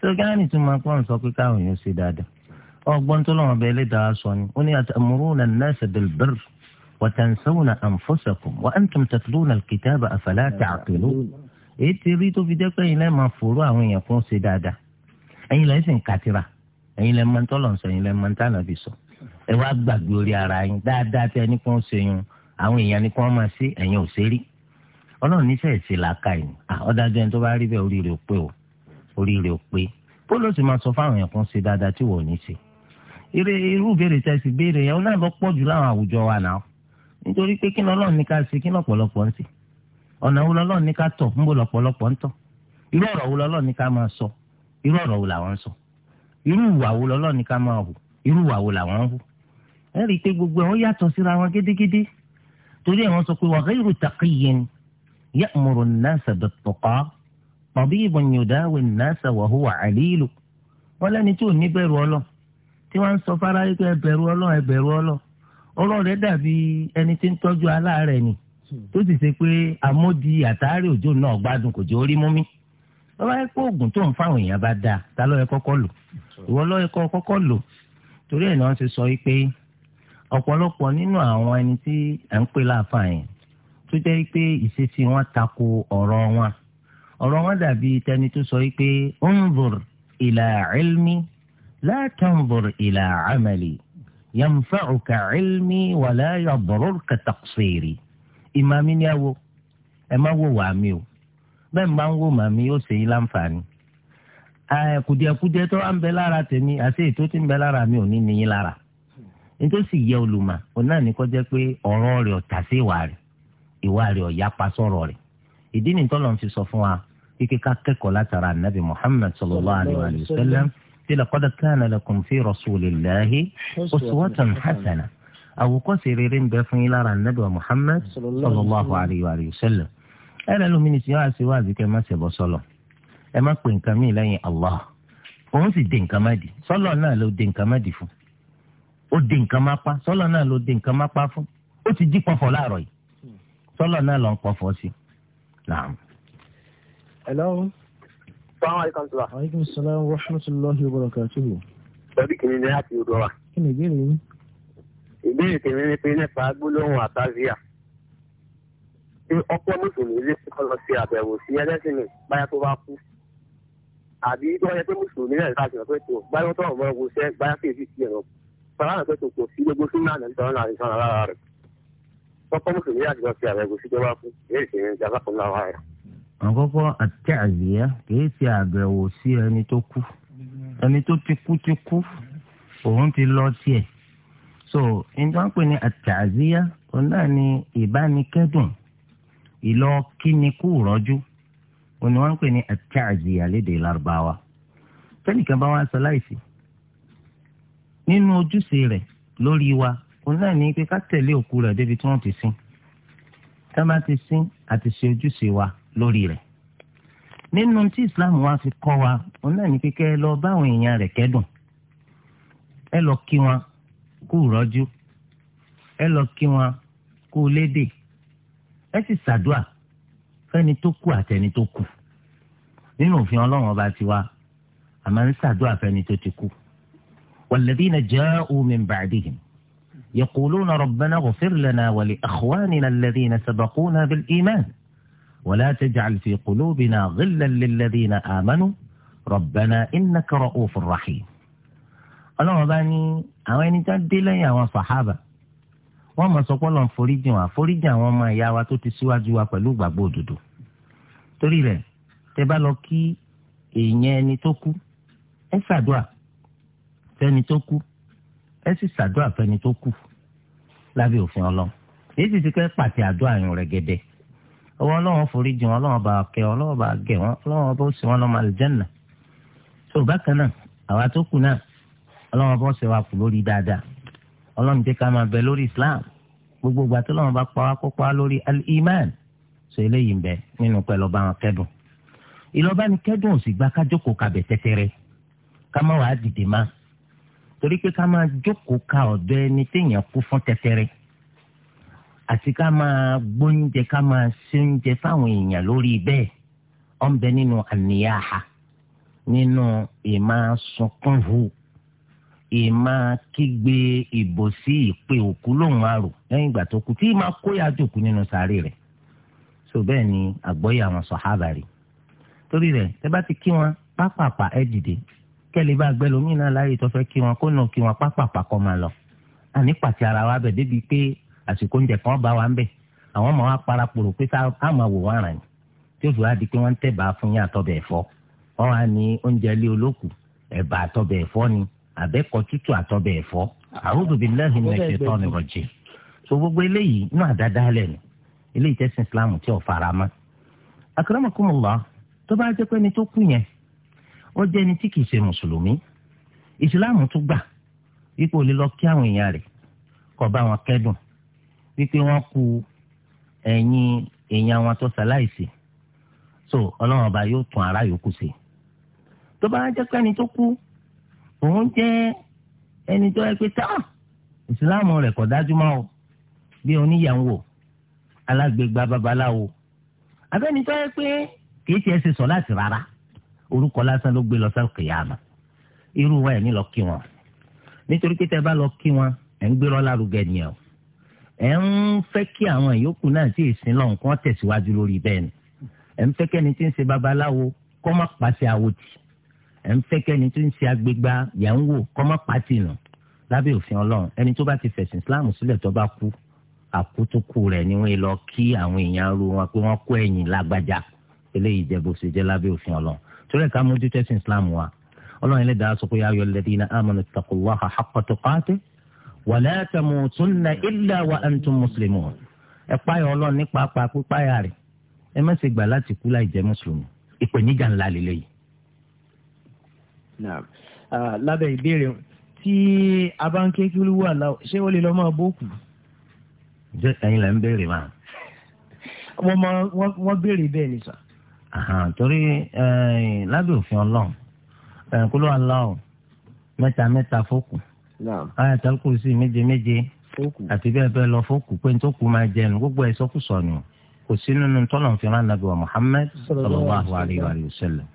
tó kí wọ́n ìtumọ̀ pé wọ́n sọ pé káwọn èèyàn ṣe dáadáa ọgbọ́n tó lọ́wọ́ bẹ́ẹ̀ lè dá a sọ ni ó ní atamuruna an-nasa bil-birri wa tansawna anfusakum wa antum tatluna al-kitaba afala ta'qilun èyí ti rí tó fi jẹ́ pé ẹ̀yin lẹ́ẹ̀ máa fòrò àwọn èèyàn kún ṣe dáadáa ẹ̀yin lẹ́ẹ̀ sì ń kátìrà ẹ̀yin lẹ́ẹ̀ máa ń tọ́lọ̀ sọ ẹ̀yin lẹ́ẹ̀ máa ń tànà bí sọ ẹ wá gbàgbé orí irú irú béèrè tẹ sì béèrè yẹn náà lọ pọ̀ jù láwọn àwùjọ wa náà nítorí pé kí lọ́lọ́run ní ká ṣe kí lọ́pọ̀lọpọ̀ ń ṣe ọ̀nà wo lọ́lọ́run ní ká tọ̀ ń bò lọ́pọ̀lọpọ̀ ń sọ irú ọ̀rọ̀ wo làwọn sọ irú ìwà wo lọ́lọ́run ní ká máa hù irú ìwà wo làwọn hù ẹ gbogbo yàtọ̀ síra torí sọ pé tí wọ́n ń sọ fara yìí pé ẹ bẹ̀rù Ọlọ́run ẹ bẹ̀rù Ọlọ́run ọ̀rọ̀ rẹ̀ dàbí ẹni tí ń tọ́jú aláàárẹ̀ ni tó sì ṣe pé àmódi àtàárẹ òjò náà gbádùn kò jẹ́ orí mú mi bàbá yẹ pé oògùn tó ń fáwọn èèyàn bá dáa ta ló yẹ kọ́kọ́ lò ìwọ ló yẹ kọ́kọ́ lò torí ẹ̀ náà ṣe sọ yìí pé ọ̀pọ̀lọpọ̀ nínú àwọn ẹni tí à ń pè láàfà tó jẹ́ pé ìṣesí wọn tako ọ̀rọ̀ wọn ọ̀rọ̀ wọn dàbí tẹni tó sọ yìí pé unzur ila ilmi la tanzur ila amali yanfa'uka ilmi wala yadurruka taqsiri ìmàmí ni ẹ wo ẹ má wo wàá mi o bẹ́ẹ̀ ni bá ń wo màmí yóò ṣe yín láǹfààní kùdìẹ̀kudiẹ tó wà ń bẹ lára tèmi àti ètò tí ń bẹ lára mi ò ní níyín lára nítòsí yẹ olùmọ̀ òun náà ní kó jẹ́ pé ọ̀rọ̀ rẹ̀ ọ̀tà sí ìwà rẹ̀ ìwà rẹ̀ ọ̀yá pa sọ̀rọ̀ rẹ̀ ìdí nìtọ́ lọ́n fi sọ fún wa kíkẹ́ ká kẹ́kọ̀ọ́ látara nàbì Muhammad sallallahu alaihi wa sallam لقد كان لكم في رسول الله أسوة حسنة أو قصيرين بفن إلى النبي محمد صلى الله عليه وآله وسلم أنا لو من سوى سوى ذيك ما سبى صلى أما كن كمي لين الله òun sì di nǹkan má di sọlọ náà ló di nǹkan má di fún ó di nǹkan má pa sọlọ náà ló di nǹkan má pa fún ó ti jí pọfọ láàárọ̀ yìí sọlọ náà ló ń sí. Hello. Assalamu alaikum sọlá. aleykum salaam wa rahmatulahi wa barakatuhu. lọ́dí kìíní ni láti odò wa. kí ni ìbéèrè yín. ìbéèrè tèmi ni pé nípa gbólóhùn àtàzíà. ṣé ọ̀pọ̀ mùsùlùmí lè kọ́ lọ sí àbẹ̀wò sí ẹlẹ́sìn mi báyà tó bá kú. àbí tó yẹ pé mùsùlùmí náà ká sọ̀rọ̀ pé tó báyọ̀ tó ọ̀rọ̀ ọ̀gbọ̀n ṣẹ́ báyà kì í fi ti ẹ̀rọ. sọ̀rọ̀ pé tó kò sí gbogbo súnmọ́ àná nítorí náà nítorí náà lára rẹ̀. ọ̀pọ̀ mùsùlùmí láti àkọ́kọ́ àti àzìyá kìí ṣe àbẹ̀wò sí ẹni tó kú ẹni tó ti kú ti kú òun ti lọ tiẹ̀ so nǹkan pè ní àti àzìyá òun náà ni ìbánikẹ́dùn ìlọ kíni kú rọ́jú òun ni wọ́n ń pè ní àti àzìyá lédè lárúbáwá tẹ́nìkan bá wá sọ láìsí nínú ojúṣe rẹ̀ lórí wa òun náà ní pé ká tẹ̀lé òkú rẹ̀ débi tí wọ́n ti sin tá a bá ti sin àti ṣe ojúṣe wa lórí rẹ̀ nínú tí islam wá fi kọ́ wa òun náà ní kíkẹ́ lọ bá àwọn èèyàn rẹ̀ kẹ́dùn ẹ lọ kí wọn kú rọ́jú ẹ lọ kí wọn kú lédè ẹ sì ṣàdúà fẹ́ni tó kù àtẹni tó kù nínú òfin ọlọ́run ọba tiwa àmọ́ ń ṣàdúà fẹ́ni tó ti kú walladhina ja'u min ba'dihim yaquluna rabbana ighfir lana wa li ikhwanina alladhina sabaquna bil iman. ولا تجعل في قلوبنا غلا للذين آمنوا ربنا إنك رؤوف رحيم ọlọ́run bá ní àwọn ẹni tó dé lẹ́yìn àwọn sàhábà wọ́n mọ̀ sọ́kọ́ lọ́n foríjì wọn àforíjì àwọn ọmọ ìyá wa tó ti síwájú wa pẹ̀lú ìgbàgbọ́ òdodo torí rẹ̀ tẹ́ bá lọ kí èèyàn ẹni tó kú ẹ ṣàdúà fẹ́ni tó kú ẹ sì ṣàdúà fẹ́ni tó kù lábẹ́ òfin ọlọ́run èyí sì ti kẹ́ pàtẹ àdúà yẹn rẹ̀ gẹ́dẹ́ ọwọ́ ọlọ́wọ́ forí jìn wọn ọlọ́wọ́ bá kẹ́ wọn ọlọ́wọ́ bá gẹ̀ wọn ọlọ́wọ́ bó sì wọn lọ́mọ àlùjànnà tó bákan náà àwa tó kù náà ọlọ́wọ́ bó sì wà kù lórí dáadáa ọlọ́run jẹ́ ká máa bẹ lórí islam gbogbo ìgbà tó lọ́wọ́ bá pa wá kópa lórí al-iman so eléyìí ń bẹ nínú pẹ̀lú ọba wọn kẹ́dùn ìlọba ni kẹ́dùn ò sì gba ká jókòó kabẹ̀ tẹ́tẹ́rẹ́ ká má wàá dìde má torí pé ká máa jókòó ka ọ̀dọ̀ ẹni téèyàn kú fún tẹ́tẹ́rẹ́ àti ká máa gbóúnjẹ ká máa ṣóúnjẹ fáwọn èèyàn lórí bẹ́ẹ̀ ọ̀ ń bẹ nínú àníyáha nínú ìmọ̀ sunkúnhu ìmọ̀ kígbe ìbò sí ìpè òkú lòun àrò lẹ́yìn ìgbà tó kú tí ìmọ̀ kóyà jòkú nínú sàárè rẹ̀ so bẹ́ẹ̀ ni àgbọ́yé àwọn sọ̀hábà rí torí rẹ̀ ẹ bá ti kí wọn pápápá ẹ dìde kẹ́lẹ́ bá gbẹ́ lómìnira láàyè tó fẹ́ kí wọn kó nà kí wọn pápápá kọ́ máa lọ àní pàtí ara wa bẹ̀ débi pé àsìkò oúnjẹ kan bá wa ń bẹ àwọn ọmọ wa para kpòrò pé tá a máa wò wọn rà ní tí ó fi di pé wọn ń bá a fún yín àtọ̀bẹ̀ ẹ̀fọ́ wọn wá ní oúnjẹ lé olóku ẹ̀bà àtọ̀bẹ̀ ẹ̀fọ́ ni àbẹ́kọ̀ tútù àtọ̀bẹ̀ ẹ̀fọ́ a'udhu billahi minash shaitani rajim so gbogbo eléyìí inú àdáda lẹ̀ nù eléyìí tẹ̀sìn islam tí ò fara mọ́ akramakumullah tó bá jẹ́ pé ẹni tó kú yẹn ó jẹ́ ẹni tí kìí ṣe mùsùlùmí ìsìláàmù tún gbà ipò lílọ kí àwọn èèyàn rẹ̀ kó bá wọn kẹ́dùn wípé wọ́n kú ẹ̀yìn èèyàn wọn tó ṣaláìsí so ọlọ́run ọba yóò tún ara yòókù sí tó bá jẹ́ pé ẹni tó kú òun jẹ́ ẹni tó yẹ pé tá ìsìláàmù rẹ̀ kò dájú mọ́ o bí oníyàwó alágbègbà babaláwo abẹ́ni tó yẹ pé kìí tiẹ̀ ṣe sọ láti rárá orúkọ lásán ló gbé lọ sí kìyàmà irú wa ẹ̀ ní lọ kí wọn nítorí pé tẹ́ bá lọ kí wọn ẹ̀ ń gbérọ́ lárugẹ nìyẹn o ẹ ń fẹ́ kí àwọn ìyókù náà sì sin lọ́n kó tẹ̀síwájú lórí bẹ́ẹ̀ ni ẹ ń fẹ́ kẹ́ni tí ń ṣe babaláwo kó má pàṣẹ àwòtì ẹ ń fẹ́ kẹ́ni tí ń ṣe agbègbà yẹn ń wò kó má pàṣẹ nù lábẹ́ òfin ọlọ́run ẹni tó bá ti fẹ̀sìn islam sílẹ̀ tó bá kú àkótókù rẹ̀ ni wọ́n lọ kí àwọn èèyàn ru wọn pé wọ́n kó ẹ̀yìn lágbájá eléyìí jẹ́ bó ṣe jẹ́ lábẹ́ òfin ọlọ́run torí ẹ̀ka mójútó ẹ̀sìn islam wa ọlọ́run ẹlẹ́dàá sọ pé ayọ̀ lẹ́dínà amanu taqullaha haqqa tuqatihi wala tamutunna illa wa antum muslimun ẹ páyà ọlọ́run nípa apá pípáyà rẹ̀ ẹ má ṣe gbà láti kú láì jẹ́ mùsùlùmí ìpèníjà ńlá lélẹ́yìí. lábẹ́ ìbéèrè tí a bá ń ké kí olúwo àlá ṣé wọ́n lè lọ́ọ́ máa bókù. jẹ́ ẹ̀yin lẹ́ ń béèrè máa. wọ́n máa wọ́n béèrè bẹ́ẹ̀ ni sà. torí lábẹ́ òfin ọlọ́run kúló àlá mẹ́ta mẹ́ta fókùn ayatal kursi méje méje àti bẹ́ẹ̀ bẹ́ẹ̀ lọ fókù pé ní tó kù máa jẹnu gbogbo ẹ̀ sọ́kùsọ nù kò sí nínú tọ́lọ̀ fi rán nàbẹ̀wò Muhammad sallallahu alayhi wa sallam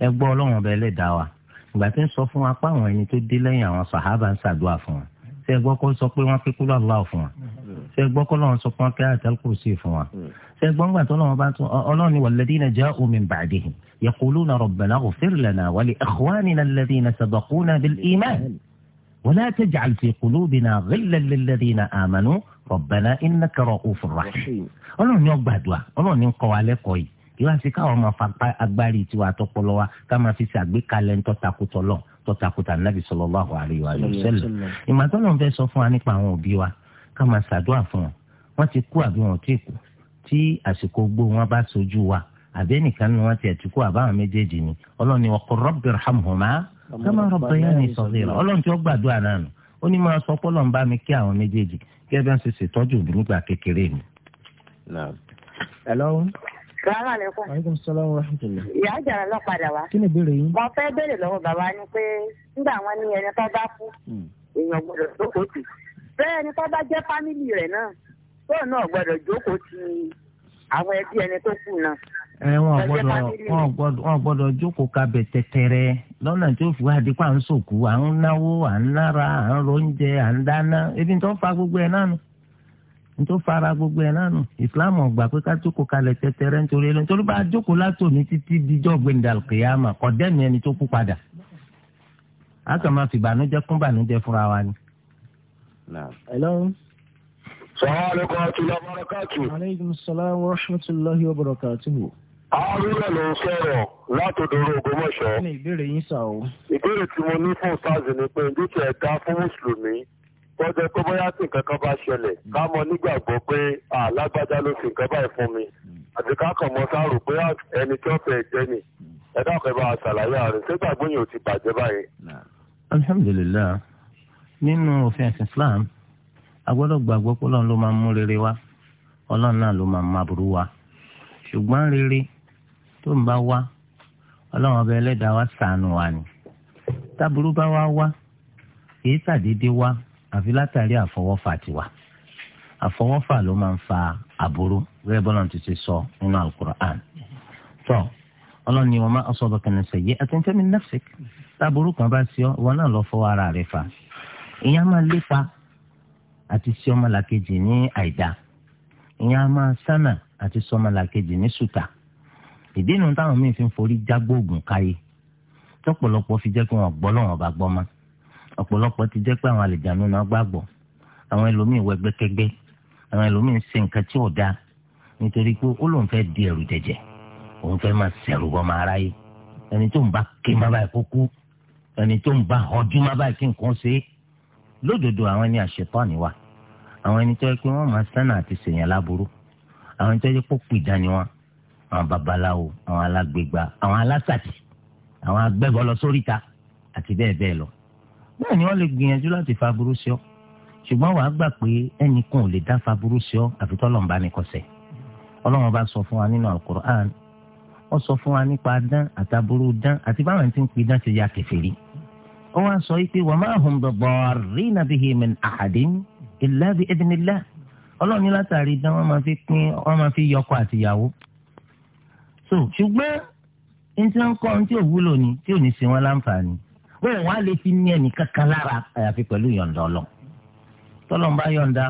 ẹ gbọ́ ọlọ́run ọba ẹlẹ́dàá wa ìgbà tí ń sọ fún wa pé àwọn ẹni tó dé lẹ́yìn àwọn sàhábà ń ṣàdúrà fún wa ṣé ẹ gbọ́ kó sọ pé wọ́n kíkú lọ́ọ̀lá fún wa ṣé ẹ gbọ́ kó sọ pé wọ́n kí ayatal kursi fún wa ṣé ẹ gbọ́ ńgbà tọ́lọ́run bá tún ọlọ́run ni walladhina ja'u min ba'dihim yaquluna rabbana ighfir lana wa li ikhwanina alladhina sabaquna bil iman ولا تجعل في قلوبنا غلا للذين آمنوا ربنا إنك رؤوف رحيم Ọlọ́run ni ọgbà àdúrà Ọlọ́run ni ń kọ́ wa lẹ́kọ̀ọ́ yìí ìwà sí káwọn máa fa agbárí tiwa àtọpọlọ wa ká máa fi ṣe àgbékalẹ̀ ń tọ́takùtọ̀ lọ tọ́takùtà nàbì sallallahu alaihi wa sallam ìmọ̀tọ́lọ́ ń fẹ́ sọ fún wa nípa àwọn òbí wa ká máa ṣàdúrà fún wọn wọ́n ti kú àbí wọn ò tí ì kú tí àsìkò gbó wọn bá sojú wa àbẹ́nìkan ni wọ́n ti ẹ̀ ti kú àbáwọn méjèèjì ni Ọlọ́run ni wa qur rabbi irhamhuma kama rọ̀bọ̀yánì sọ̀rọ̀ ọlọ́run tí ó gbàdúrà náà nù ó ní máa sọ pé ọlọ́run bá mi kí àwọn méjèèjì kí ẹbí wọn ṣe ṣètọ́jú mi nígbà kékeré mi. ẹ̀lọ́. salaamaleykum. aleykum salaam wa rahmatulah. ìyá àjàrà lọ wá. kí ni ìbéèrè yín. mo fẹ́ béèrè lọ́wọ́ bàbá ni pé nígbà wọn ní ẹni tó bá kú hmm. èèyàn gbọdọ̀ jókòó tì bẹ́ẹ̀ ni tó bá jẹ́ fámìlì rẹ̀ náà tóun náà gbọdọ̀ jókòó tì àwọn ẹbí ẹni tó kù náà ẹ wọn gbọ́dọ̀ wọn gbọ́dọ̀ wọn gbọ́dọ̀ jókòó kabẹ tẹtẹrẹ lọ́nà tí ó fi wá dípò à ń sòkú à ń náwó à ń nára à ń à ń dáná ebi tó fa gbogbo ẹ nánu tó fara gbogbo ẹ nánu ọgbà pé ká jókòó tẹtẹrẹ nítorí nítorí bá a jókòó látò ní títí díjọ ẹni tó kú padà a kàn máa fi kún fúnra wa ni. Hello. Assalamu alaikum warahmatullahi wabarakatuh. àárúnlẹ̀ ló ń sọ̀rọ̀ látòdòrò Ògbómọ̀ṣọ́. kí ni ìbéèrè yín sà o. ìbéèrè tí mo ní fún sars ni pé ǹjẹ́ ẹ̀ dá fún mùsùlùmí tọ́jọ́ pé bóyá tí nǹkan kan bá ṣẹlẹ̀ ká mọ nígbàgbọ́ pé alágbájá ló fi nǹkan báyìí fún mi àti ká kàn mọ sáàrò pé ẹni tí ó fẹ́ jẹ́ ni ẹ dákẹ́ bá a ṣàlàyé àrùn sígbà gbóyè ò ti bàjẹ́ báyìí. alhamdulilayi nínú òfin ẹ̀sìn Islam a gbọ́dọ̀ gbàgbọ́ pé ọlọ́run ló máa ń mú rere wá ọlọ́run náà ló máa máa burú wá ṣùgbọ́n rere tó ń bá wá ọlọ́run ọba ẹlẹ́dàá wa ṣàánú wa ni táburú bá wá wá kìí ṣàdédé wá àfi látàrí àfọwọ́fà tiwa àfọwọ́fà ló máa ń fa àbúrú rẹ bọ́lá ti ti sọ nínú alukur'an tó ọlọ́run ni wọ́n máa sọ ọ̀dọ̀ kẹ́ni sẹ́yẹ́ àtẹ̀ntẹ́mi nafsik táburú kan bá sí ọ ìwọ náà lọ fọwọ́ ara rẹ fa ìyẹn máa lépa àti sí ọmọlàkejì ní àìdá ìyẹn máa sánà àti sọmọlàkejì ní sùtà ìdí inú táwọn míì fi ń forí jágbóògùn káyé tọ́pọ̀lọpọ̀ fi jẹ́ pé wọn gbọ́ lọ́wọ́n bá gbọ́ mọ́ ọ̀pọ̀lọpọ̀ ti jẹ́ pé àwọn àlejànú náà gbàgbọ́ àwọn ẹlòmíì wẹgbẹ́kẹ́gbẹ́ àwọn ẹlòmíì ṣe nǹkan tí ò dáa nítorí pé ó lóun fẹ́ di ẹ̀rù jẹ̀jẹ̀ òun fẹ́ máa ṣẹ̀rù bọ́ máa ráyé ẹni tó ń bá ké má báyìí kó kú ẹni tó ń bá ọdún má báyìí kí nǹkan ṣe é lódodo àwọn ẹni àṣetọ́ni wa àwọn ẹni tó yẹ pé wọ́n máa sánà àti ṣèyàn láburú àwọn ẹni tó yẹ pé pìdánì wọn àwọn babaláwo àwọn alágbègbà àwọn alásàtì àwọn agbẹ́bọ lọ sóríta àti bẹ́ẹ̀ bẹ́ẹ̀ lọ. bẹ́ẹ̀ ni wọ́n lè gbìyànjú láti fa burú sí ọ ṣùgbọ́n wàá gbà pé ẹnìkan ò lè dá fa burú sí ọ àfi tọ́lọ́run bá ní kọsẹ̀ ọlọ́run bá sọ fún wa nínú Al-Qur'an ó sọ fún wa nípa dán àtàbúrú dán àti báwọn tí ń pin dán ṣe ya kèfèrí ó wá sọ wípé wa ma hum bidarrina bihi min ahadin illa bi idhnillah ọlọ́run ní látàrí dán wọ́n máa fi yọkọ àtìyàwó so ṣùgbọ́n ní tí wọ́n kọ́ ohun tí ò wúlò ni tí ò ní ṣe wọ́n láǹfààní wọn wá lè fi ní ẹnì kankan lára àyàfi pẹ̀lú yọ̀ǹda ọlọ tọ́lọ̀ ń bá yọ̀ǹda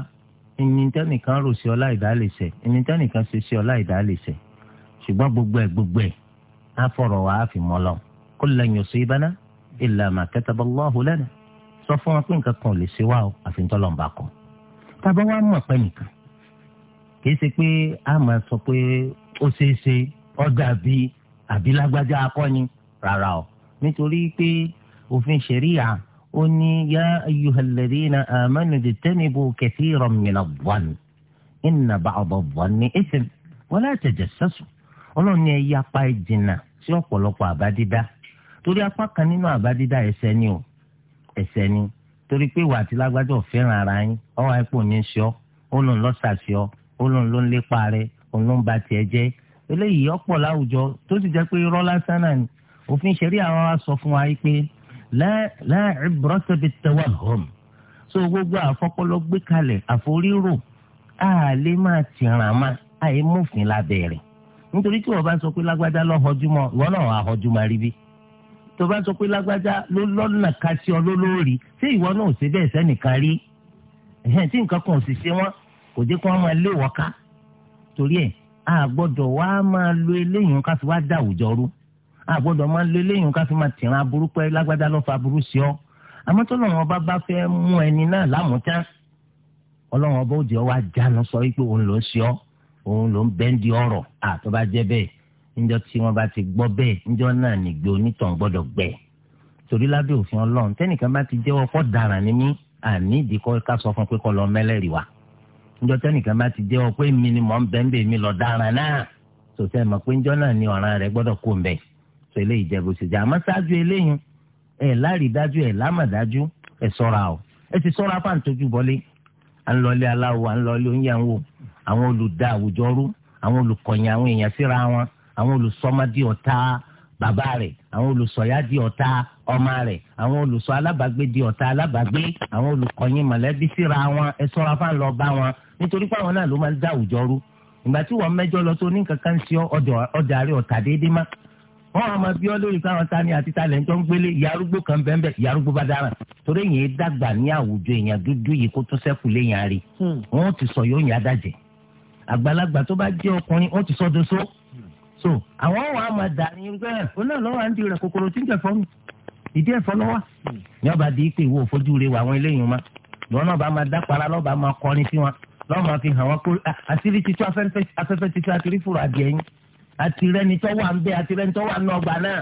ìnìtẹ́nìkan rò sí ọlá ìdálẹ́sẹ̀ ìnìtẹ́nìkan ṣe sí ọlá ìdálẹ́sẹ̀ ṣùgbọ́n gbogbo ẹ̀ gbogbo ẹ̀ á fọ̀rọ̀ wá fi mọ́ lọ kó lẹ́yìn oṣù ìbáná illa ma kataballahu sọ fún wa pé nǹkan kan ò lè ṣe wá o àfi tọ́lọ̀ ń bá kọ tàbá wa mọ̀ pẹ́ nìkan kì í ṣe pé a máa sọ pé ó ṣeé ṣe ọjà bíi àbílágbájá akọni rárá o nítorí pé òfin ṣẹ̀ríyà ó ní yá ayyuhalladhina amanu jtanibu kathiran minadh-dhanni inna ba'da dhanni ithm wa la tajassasu ọlọ́run ní ẹ̀yà apá ìjìnà sí ọ̀pọ̀lọpọ̀ àbádídá torí apá kan nínú àbádídá ẹ̀ṣẹ̀ ni o ẹ̀ṣẹ̀ ni torí pé ìwà àti lágbájá ò fẹ́ràn ara yín ọwọ́ àìpò ní sọ ó lóun ló ń lépa rẹ ló ń ba tiẹ̀ jẹ́ eléyìí ọ̀pọ̀ láwùjọ tó sì jẹ́ pé irọ́ lásán náà ni òfin ṣẹ̀rí àwọn wa sọ fún wa yìí pé láì brọ́sẹ̀bì tẹ̀wà hàn so gbogbo àfọpọ́lọ́ gbé kalẹ̀ àforírò a lè máa tìràn ma àyè mọ́fin lábẹ́rẹ̀ nítorí tí wọ́n bá sọ pé lágbájá lọ họjúmọ́ ìwọ náà wà họjúmọ́ rí bí tó bá sọ pé lágbájá ló lọ́nà ká ọ lólórí ṣé ìwọ náà ò ṣe bẹ́ẹ̀ sẹ́nìkan rí tí nǹkan kan ò sì ṣe wọ́n kò dé kó wọ́n máa lé wọ́ká torí ẹ̀ a gbọ́dọ̀ wá máa lo eléyìí ká fi wá dá àwùjọ rú a gbọ́dọ̀ máa lo eléyìí ká fi máa tìran aburú pẹ́ lágbádá lọ́fà aburú sí ọ àmọ́ tó lọ́wọ́ bá bá fẹ́ mú ẹni náà lámùtá ọlọ́wọ́ bó jẹ́ wá jánu sọ wípé òun ló ń sí ọ òun ló ń bẹ́ndì ọ̀rọ̀ àtọ́ bá jẹ́ bẹ́ẹ̀ níjọ́ tí wọ́n bá ti gbọ́ bẹ́ẹ̀ níjọ́ náà nìgbẹ́ onítàn gbọ́dọ̀ gbẹ torí lábẹ́ òfin ọlọ́run tẹ́nìkan bá ti jẹ́wọ́ fọ́ dàrán ní mí àní ìdíkọ́ ká sọ fún pé kọ́ lọ mẹ́lẹ́rìí wa njọ́ tẹ́nìkan bá ti jẹ́ ọ pé mi ni mò ń bẹ́ ń bè mí lọ dára náà sòtẹ́ mọ̀ pé njọ́ náà ni ọ̀ràn rẹ̀ gbọ́dọ̀ kó ń bẹ̀ sọ eléyìí jẹ́ bó ṣe jẹ́ àmọ́ ṣáájú eléyìí ẹ̀ láàrí dájú ẹ̀ lámàdájú ẹ̀ sọ́ra o ẹ ti sọ́ra fáwọn tójú bọ́lé à ń lọlé aláwo à ń lọlé oúnjẹ ń wò àwọn olùdá àwùjọ rú àwọn olùkọ̀yìn àwọn èèyàn síra wọn àwọn olùsọ́mọ́ ọ̀tá bàbá rẹ̀ àwọn olùsọ̀yà ọ̀tá ọmọ rẹ̀ àwọn olùṣọ́ alábàágbé di ọ̀tá alábàágbé àwọn olùkọ́yìn mọ̀lẹ́bí síra wọn ẹ ṣọ́ra fáwọn lọ bá wọn nítorí pé àwọn náà ló máa ń dá àwùjọ rú ìgbà tí wọ́n mẹ́jọ lọ tó ní kankan ń ṣe ọjà rẹ̀ ọ̀tà déédéé má wọ́n á máa bí ọ lórí káwọn ta ni àti ta lẹ́ńtọ́ ń gbélé yarúgbó kan bẹ́ẹ̀ yarúgbó bá dára torí èèyàn dàgbà ní àwùjọ èèyàn dúdú yìí kó tún sẹ́kù léèyàn rí hmm. wọ́n ti sọ yóò yàn adájẹ́ àgbàlagbà tó bá jẹ́ ọkùnrin wọ́n ti sọ doso so àwọn wà á máa dà ní irúgbẹ́ ẹ̀ ó náà lọ́wọ́ à ń di rẹ̀ kòkòrò tí ń jẹ fọ́ ìdí ẹ̀fọ́ lọ́wọ́ ní ọba di pé ìwọ òfojú rẹ wà àwọn eléyìí ma lọ́wọ́ náà bá máa dápara lọ́ba máa kọrin sí wọn lọ́wọ́ máa fi hàn wọ́n pé ah, àṣírí títú afẹ́fẹ́ títú àṣírí fúru adìẹ yín àtìrẹ́ni tó wà ń bẹ àtìrẹ́ni tó wà ń ọgbà náà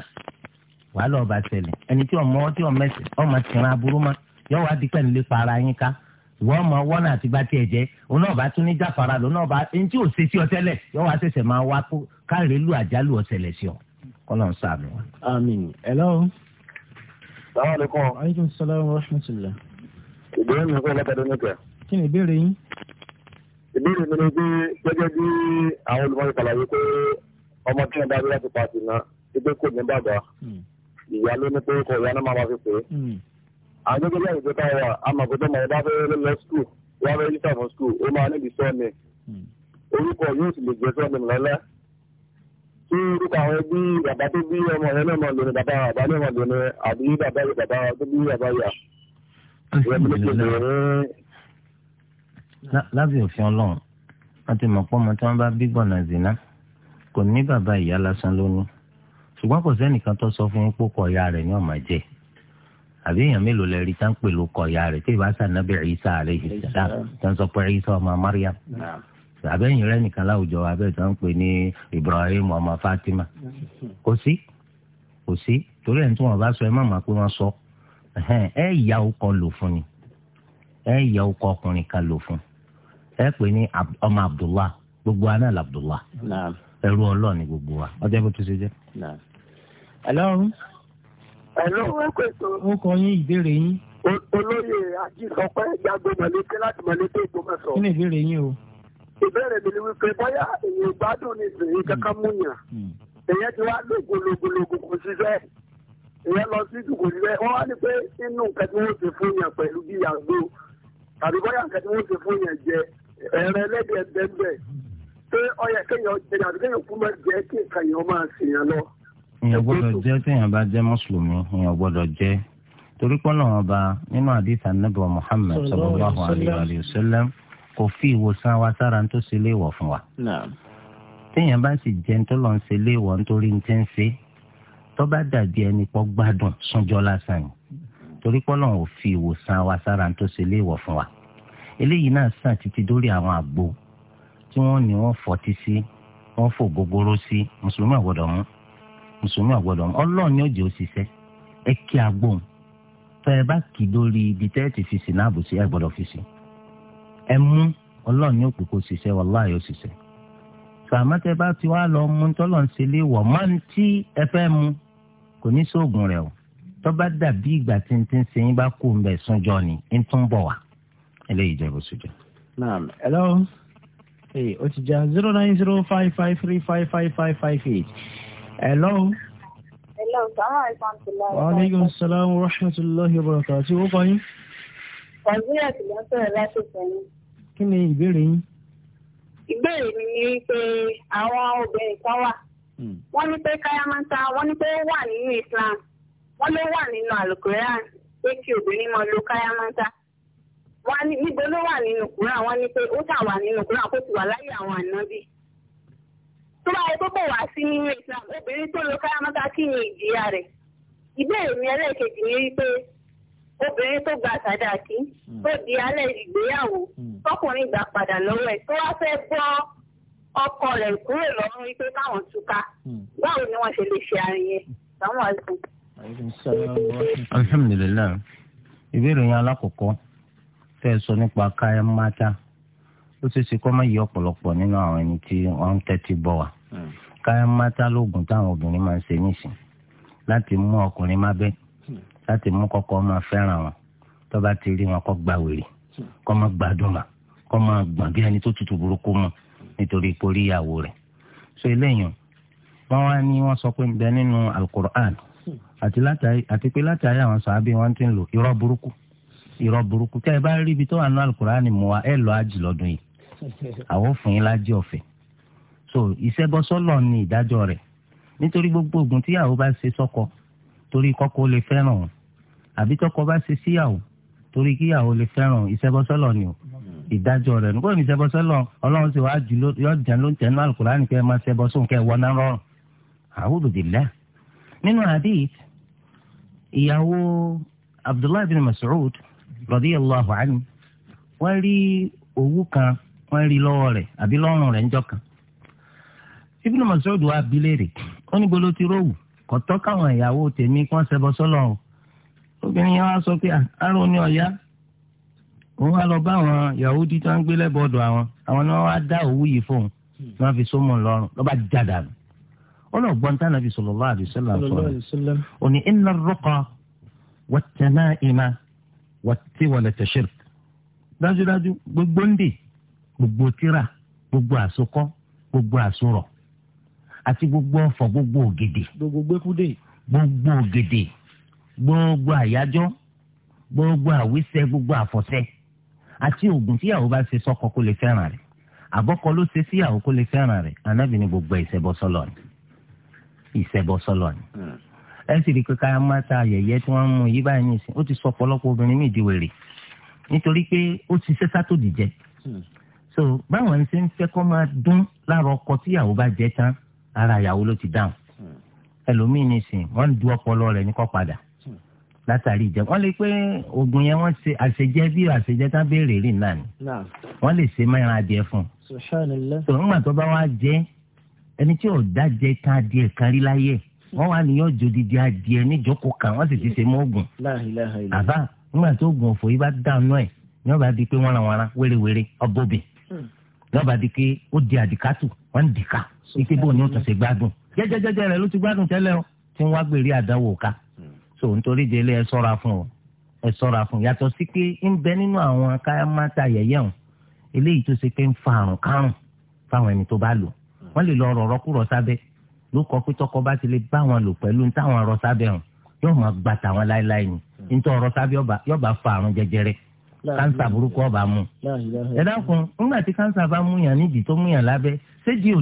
wàá lọ́ọ́ bá ṣẹlẹ̀ ẹni tí ọmọ tí ọmọ ẹsẹ̀ ọmọ tìrán aburú ma yọ wá dípẹ́ nílé para yín ká ìwọ ọmọ wọ́nà àti bá tiẹ̀ jẹ́ òun náà bá tún ní jáfara lòun náà bá ẹni tí ò ṣe sí ọ yọ wá ṣẹ̀ṣẹ̀ máa wá káàrí lù àjálù ọ̀ṣẹ̀lẹ̀ sí ọ kọ́lọ́ ń sàmì wọn. àmín hello sàmàlẹ́kùn. aleykum salaam wa rahmatulah. ìbéèrè mi kọ́ lákàdúnìkà. kí ni ìbéèrè yín. ìbéèrè mi ni pé gẹ́gẹ́ bí àwọn olùmọ̀ ìpàlàyé pé ọmọ tí wọ́n bá rí láti pàṣẹ náà ibi kò ní bàbá hmm. ìyá ló ní pé kò ìyá náà máa ma fi pè é. Hmm. àwọn gẹ́gẹ́ bí àyùjọ tá wà amọ̀gòtò mọ̀ bá fẹ́ lọ skul wọ́n fẹ́ yíta fún skul ó máa níbi sọ́ọ̀nì hmm. orúkọ yóò sì lè jẹ́ sọ́ọ̀nì lọ́lá tí nípa àwọn ẹbí bàbá tó bí ọmọ rẹ náà mọ̀ lónìí bàbá bàbá náà mọ̀ lónìí àbí bàbá rẹ bàbá tó bí bàbá yà. lábẹ́ òfin ọlọ́run wọ́n ti mọ̀ pé ọmọ tí wọ́n bá bí gbọ̀nà zina kò ní bàbá ìyá lásán lónìí ṣùgbọ́n kò sẹ́nìkan tó sọ fún pé kọ̀ọ̀yà rẹ̀ ni ọ̀mà jẹ́ àbí èèyàn mélòó lẹ rí táǹpẹ̀ ló kọ̀ọ̀yà rẹ̀ tí ìbáṣà nàbẹ̀ Ìsá alayhi salam tó ń sọ pé Ìsá ọmọ Maryam àbẹ́yìn rẹ nìkan láwùjọ abẹ́ẹ̀ tó ń pè ní Ibrahim ọmọ Fatima kò sí kò sí torí ẹ̀ ń tí wọ́n bá sọ ẹ má máa pé wọ́n sọ ẹ ìyá ọkọ lò fún ni ẹ ìyá ọkọ ọkùnrin kan lò fún ẹ pè ní ọmọ Abdullah gbogbo aná la Abdullah ẹrú Ọlọ́run ni gbogbo wa ọjọ́ bó tún ṣe jẹ́. Hello. Hello wọ́n pè tó. ó kọ yín ìbéèrè yín. olóyè àjíṣọpẹ́ jágbó mọ̀lẹ́kẹ́ láti mọ̀lẹ́kẹ́ ìgbọ́mọ̀sọ. kí ni ìbéèrè yín o ìbéèrè mi ni wípé bóyá èyí gbádùn ní ìsìn hmm. kankan mú yàn hmm. èyàn ti wá lógologologo kò ṣiṣẹ́ èyàn lọ sí ìdùkò ṣiṣẹ́ wọ́n wá ní pé inú nǹkan tí wọ́n ṣe fún yàn pẹ̀lú bí yàgbó tàbí bóyá nǹkan tí wọ́n ṣe fún yàn jẹ ẹ̀rẹ̀ ẹlẹ́dẹ̀ẹ́ bẹ́ẹ̀ pé ọyẹ kéèyàn jẹ àbí kéèyàn kú mọ́ jẹ kí nǹkan yẹn máa ṣèyàn lọ. èèyàn gbọ́dọ̀ jẹ́ téèyàn bá jẹ́ mùsùlùmí èèyàn gbọ́dọ̀ jẹ́ torí pé ọba nínú àdìsá Muhammad sallallahu alayhi wa kò fi ìwòsàn wa sára ń tó ṣe léèwọ̀ fún wa. téèyàn bá sì jẹ́ ń tó lọ́n ṣe léèwọ̀ nítorí ń ti ń ṣe tó bá dàbí ẹni pọ́ gbádùn súnjọ́ lásán ni torí pọ́lọ́n ò fi ìwòsàn wa sára ń tó ṣe léèwọ̀ fún wa. eléyìí náà sàn títí dórí àwọn àgbo tí wọ́n ní wọ́n fọtí sí wọ́n fò gogoro sí mùsùlùmí àgbọ̀dọ̀ mú mùsùlùmí àgbọ̀dọ̀ mú ọlọ́ọ̀ni ò òṣìṣẹ́ ẹ kí agbóhùn tọ́ ẹ bá kì í lórí ibi tẹ́ fi sí náà bùsí ẹ gbọ́dọ̀ fi sí i ẹ mú ọlọ́run ní òkùnkùn ṣiṣẹ́ wàláhì ó ṣiṣẹ́ sàmọ́tẹ́ bá ti wá lọ mú tọ́lọ̀ ń ṣe léwọ̀ máa ń tí ẹ fẹ́ mu kò ní sóògùn rẹ̀ o tó bá dàbí ìgbà tí n ti ń ṣe yín bá kú mbẹ̀ súnjọ ni ń tún bọ̀ wá eléyìí jẹ́ bó ṣùjọ. naam hello hey, o ti ja zero nine zero five five three five five five five eight hello. hello salaam aleykum salaam wa rahmatulahi wa barakatuh o kọ́ yín. wàzíyà tí wọ́n sọ̀rọ̀ lásìkò yìí. kí ni ìbéèrè yín. ìbéèrè mi ni pé àwọn obìnrin kan wà. Hmm. wọ́n ní pé káyámátá wọ́n ní pé ó wà nínú Islam wọ́n ló wà nínú alukoran pé kí obìnrin máa lo káyámátá. wọ́n ní níbo ló wà nínú kúrán wọ́n ní pé ó tà wà nínú kúrán kó ti wà láyé àwọn ànábì. tó bá yẹ kó bọ̀ wá sí nínú Islam obìnrin tó lo káyámátá kí ni ìjìyà rẹ̀. ìbéèrè mi ẹlẹ́ẹ̀kejì ni wípé obìnrin tó gba sàdáàkì hmm. tó di alẹ́ ìgbéyàwó hmm. tọkùnrin gbà padà lọ́wọ́ ẹ̀ tó wá fẹ́ bọ́ ọkọ rẹ̀ kúrò lọ́rùn wípé káwọn túká hmm. báwo ni wọ́n ṣe lè ṣe àárín yẹn táwọn àgbọn. alhamdulilayi ìbéèrè yẹn alákọ̀ọ́kọ́ tẹ́ ẹ sọ nípa káyà mátá ó ṣeé ṣe kó má yí ọ̀pọ̀lọpọ̀ nínú àwọn ẹni tí wọ́n ń tẹ́tí bọ̀ wá káyà mátá lóògùn táwọn obìnrin máa ń ṣe nísìn láti mú ọkùnrin má bẹ́ẹ̀ láti mú kọ́kọ́ máa fẹ́ràn wọn tó bá ti rí wọn kọ́ gba wèrè kọ́ máa gbádùn mà kọ́ máa gbọ̀n bí ẹni tó tutù burúkú mu nítorí porí ìyàwó rẹ̀ so eléyìí wọn wá ní wọn sọ pé bẹ nínú alukur'an àti pé látàrí àwọn sàábì wọn ti ń lò irọ́ burúkú irọ́ burúkú tẹ́ ẹ bá rí ibi tó wà nínú alukur'an mu wa ẹ lọ àjì lọ́dún yìí àwọn òfin yín lájì ọ̀fẹ́ so ìṣẹ́bọsọ́lọ̀ ni ìdájọ́ rẹ̀ nítorí gbogbo ogun tíyàwó bá ṣe sọ́kọ torí kọ́kọ́ lè fẹ́ràn o àbí tọkọ bá ṣe síyàwó torí kíyàwó lè fẹ́ràn ìṣẹ́bọ́sọ́lọ̀ ni o ìdájọ́ rẹ̀ nígbà tí ìṣẹ́bọ́sọ́lọ̀ ọlọ́run ṣe wàá jù yọ jẹun ló ń tẹnu alukurani kẹ́ ẹ máa ṣẹbọ́sọ́n kẹ́ wọ́n náà rọrùn a'udhu billah nínú hadith ìyàwó abdullahi bin mas'ud radiyallahu anhu wọ́n rí owó kan wọ́n rí lọ́wọ́ rẹ̀ àbí lọ́rùn rẹ̀ ńjọ́ kan ibn mas'ud wá bi ó níbo ló ti rówù kò tọ́ káwọn ìyàwó tèmi kàn ṣẹbọ sọ́lọ̀ o obìnrin yẹn wá sọ pé àárò ní ọ̀yá òun wá lọ bá àwọn Yahudi tó ń gbé lẹ́bọ̀ọ́dọ̀ àwọn àwọn ni wọ́n wá dá òwú yìí fóun ni wọ́n fi sómù lọ́rùn lọ́ba jàdà nù ọlọ́gbọ́n tá nàbì sallallahu alaihi wasallam ó ní inna ar-ruqa wat-tana'ima wat-tiwalata shirk dájúdájú gbogbo ń dè gbogbo tíra gbogbo àsokọ́ gbogbo àsorọ̀ àti gbogbo ọ̀fọ̀ gbogbo ògèdè. gbogbo gbẹkúdè. gbogbo ògèdè gbogbo àyájọ́ gbogbo àwísẹ́ gbogbo àfọ̀sẹ́ àti oògùn tíyàwó bá ṣe sọ́kọ kó lè fẹ́ràn rẹ̀ àbọ́kọ ló ṣe síyàwó kó lè fẹ́ràn rẹ̀ anábì ní gbogbo ìṣẹ́bọ sọ́lọ̀ ni ìṣẹ́bọ sọ́lọ̀ ni. Hmm. ẹ sì rí i pé ká má ta ayẹyẹ tí wọ́n mú yí báyìí nìsín ó ti sọ ọ̀pọ̀lọpọ̀ obìnrin ní ìdíwèrè nítorí pé ó ti ṣẹ́ṣá tó dìjẹ́ hmm. so báwọn ẹni ṣe ń fẹ́ kọ́ máa dún láàárọ̀ ọkọ tíyàwó bá jẹ tán ara ìyàwó ló ti dáhùn hmm. ẹlòmíín nìsín wọ́n ń du ọpọlọ rẹ̀ ní kọ́ padà hmm. látàrí ìjẹ wọ́n lè pé oògùn yẹn wọ́n ṣe àṣejẹ bí àṣejẹ tá béèrè rìn náà ni wọ́n lè ṣe mẹ́rin adìẹ fún un tó ńgbà tó bá wá jẹ ẹni tí ò dájẹ ká adìẹ kan rí láyé wọ́n wà níyàn jòdìdì adìẹ níjókòó kan wọ́n sì ti ṣe mọ́ oògùn àbá ńgbà tó oògùn òfò yìí bá dànù ẹ̀ ní ọba di pé wọ́n ra wọn ra wérewère ọbọ̀bì hmm. ní ọba di pé ó di àdìkátù wọ́n ń dìka ike bò ní o tún ṣe gbádùn jẹjẹjẹjẹ rẹ ló ti gbádùn tẹ́lẹ̀ o tí ń wá gbèrè àdánwò ká so nítorí délé ẹ ṣọ́ra fún o ẹ ṣọ́ra fún yàtọ̀ sí pé ń bẹ nínú àwọn káyámátà yẹyẹ o eléyìí tó ṣe pé ń fa àrùn kárùn fáwọn ẹni tó bá lò wọn lè lọ rọrọ kúrọ sábẹ́ ló kọ pé tọkọ bá ti lè bá wọn lò pẹ̀lú táwọn rọ sábẹ́ o yóò máa gbàtà wọn láéláé ni nítorí ọ̀rọ̀ sábẹ́ yọba fa àrùn jẹjẹrẹ kánsà burúkú ọba mú ẹ dákun nígbà tí kánsà bá mú yàn nídìí tó mú yàn lábẹ́ séjì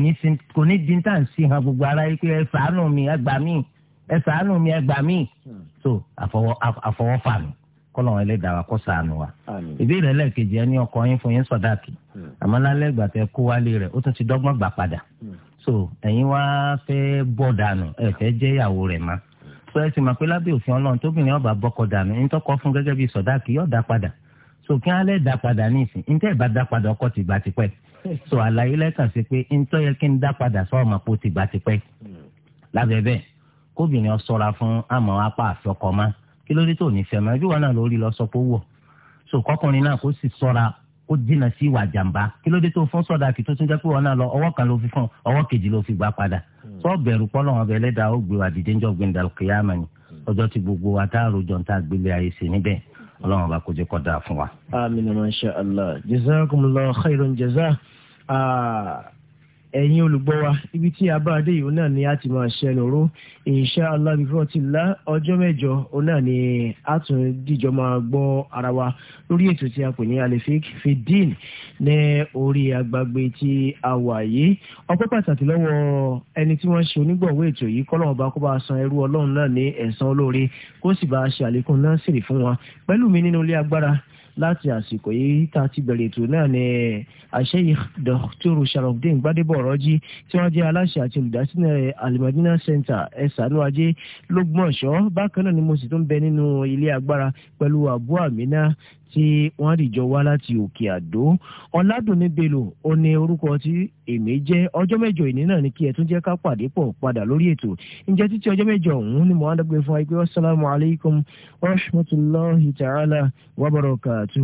kò ní di tá sí hàn gbogbo ara yìí pé ẹ ṣàánú mi ẹ gbà mí ẹ ṣàánú mi ẹ gbà mí hmm. so àfọwọ́fà mi kọlọ̀ ẹlẹ́dàá wa kó ṣàánú wa ìbéèrè ẹlẹ́ẹ̀kejì ẹni ọkọ yín fún yín sọ̀dáàkì hmm. àmọ́ lálẹ́ ìgbà tẹ kó wálé rẹ̀ ó tún ti dọ́gbọ́n gbà padà hmm. so ẹ̀yin wá fẹ́ bọ̀ dànù ẹ fẹ́ jẹ́ ìyàwó rẹ̀ má so ẹ sì mọ̀ pé lábẹ́ òfin ọlọ́run tóbìnrin ọba bọ́kọ dànù ní tọkọ fún gẹ́gẹ́ bíi sọ̀dáàkì yóò dá padà so kí alẹ́ dá padà ní ìsìn ní tẹ́ ẹ̀ bá dá padà ọkọ ti gbà tipẹ́ so àlàyé lẹ́kàn sí pé ní tọ́ yẹ kí n dá padà sọ́ọ̀mà kó ti gbà tipẹ́ lábẹ́ bẹ́ẹ̀ kóbìnrin ọ̀ṣọ́ra fún àmọ́ apá àfọkọ́má kí ló dé tó ní fẹ́mọ́ ẹbí wọn náà lórí lọ sọ pé ó wọ̀ so kọkùnrin náà kó sì ṣọ́ra ó dínà sí ìwà jàǹbá kí ló dé tó fún sọ̀dà kí tó tún jẹ́ pé wọn náà lọ ọwọ́ kan ló fi fún ọwọ́ kejì ló fi gbà padà tó bẹ̀rù ni ọjọ́ ọlọ́run ọba kò jẹ́ kó dáa fún wa. àmín insha Allah jazakumullahu khairan jazaa. Ah, ẹ̀yin olùgbọ́ wa ibi tí a bá dé yìí náà ni a ti máa ṣẹnu ró insha Allah bífọ́ ti lá ọjọ́ mẹ́jọ náà ni a tún dìjọ máa gbọ́ ara wa lórí ètò tí a pè ní alefik fidin ní orí agbágbé tí a wà yìí ọpẹ́ pàtàkì lọ́wọ́ ẹni tí wọ́n ṣe onígbọ̀wọ́ ètò yìí kọ́ lọ́wọ́ bá kó bá san ẹrú ọlọ́run náà ní ẹ̀san olóore kó sì bá ṣe àlékún náà sírì fún wọn pẹ̀lú mi nínú ilé agbára láti àsìkò yìí tá a ti bẹ̀rẹ̀ ètò náà ni àṣeyìí dọ́kítọ́rù sharafdin gbadebo ọ̀rọ̀jì tí wọ́n jẹ́ aláṣẹ àti olùdásílẹ̀ alimadina center ẹ̀sánú ajé lọ́gbọ̀nsọ́ bákan náà ni mo sì tún bẹ nínú ilé agbára pẹ̀lú àbú àmínà tí wọ́n rìjọ wá láti òkè àdó ọ̀làdùnní bello ó ní orúkọ tí èmi jẹ́ ọjọ́ mẹ́jọ ìní náà ni kí ẹ tún jẹ́ ká pàdé pọ̀ padà lórí ètò ǹjẹ́ títí ọjọ́ mẹ́jọ ọ̀hún ni mo á dọ́gbé fún wa pé assalamu alaikum wa rahmatulahi ta'ala wa barakatuh.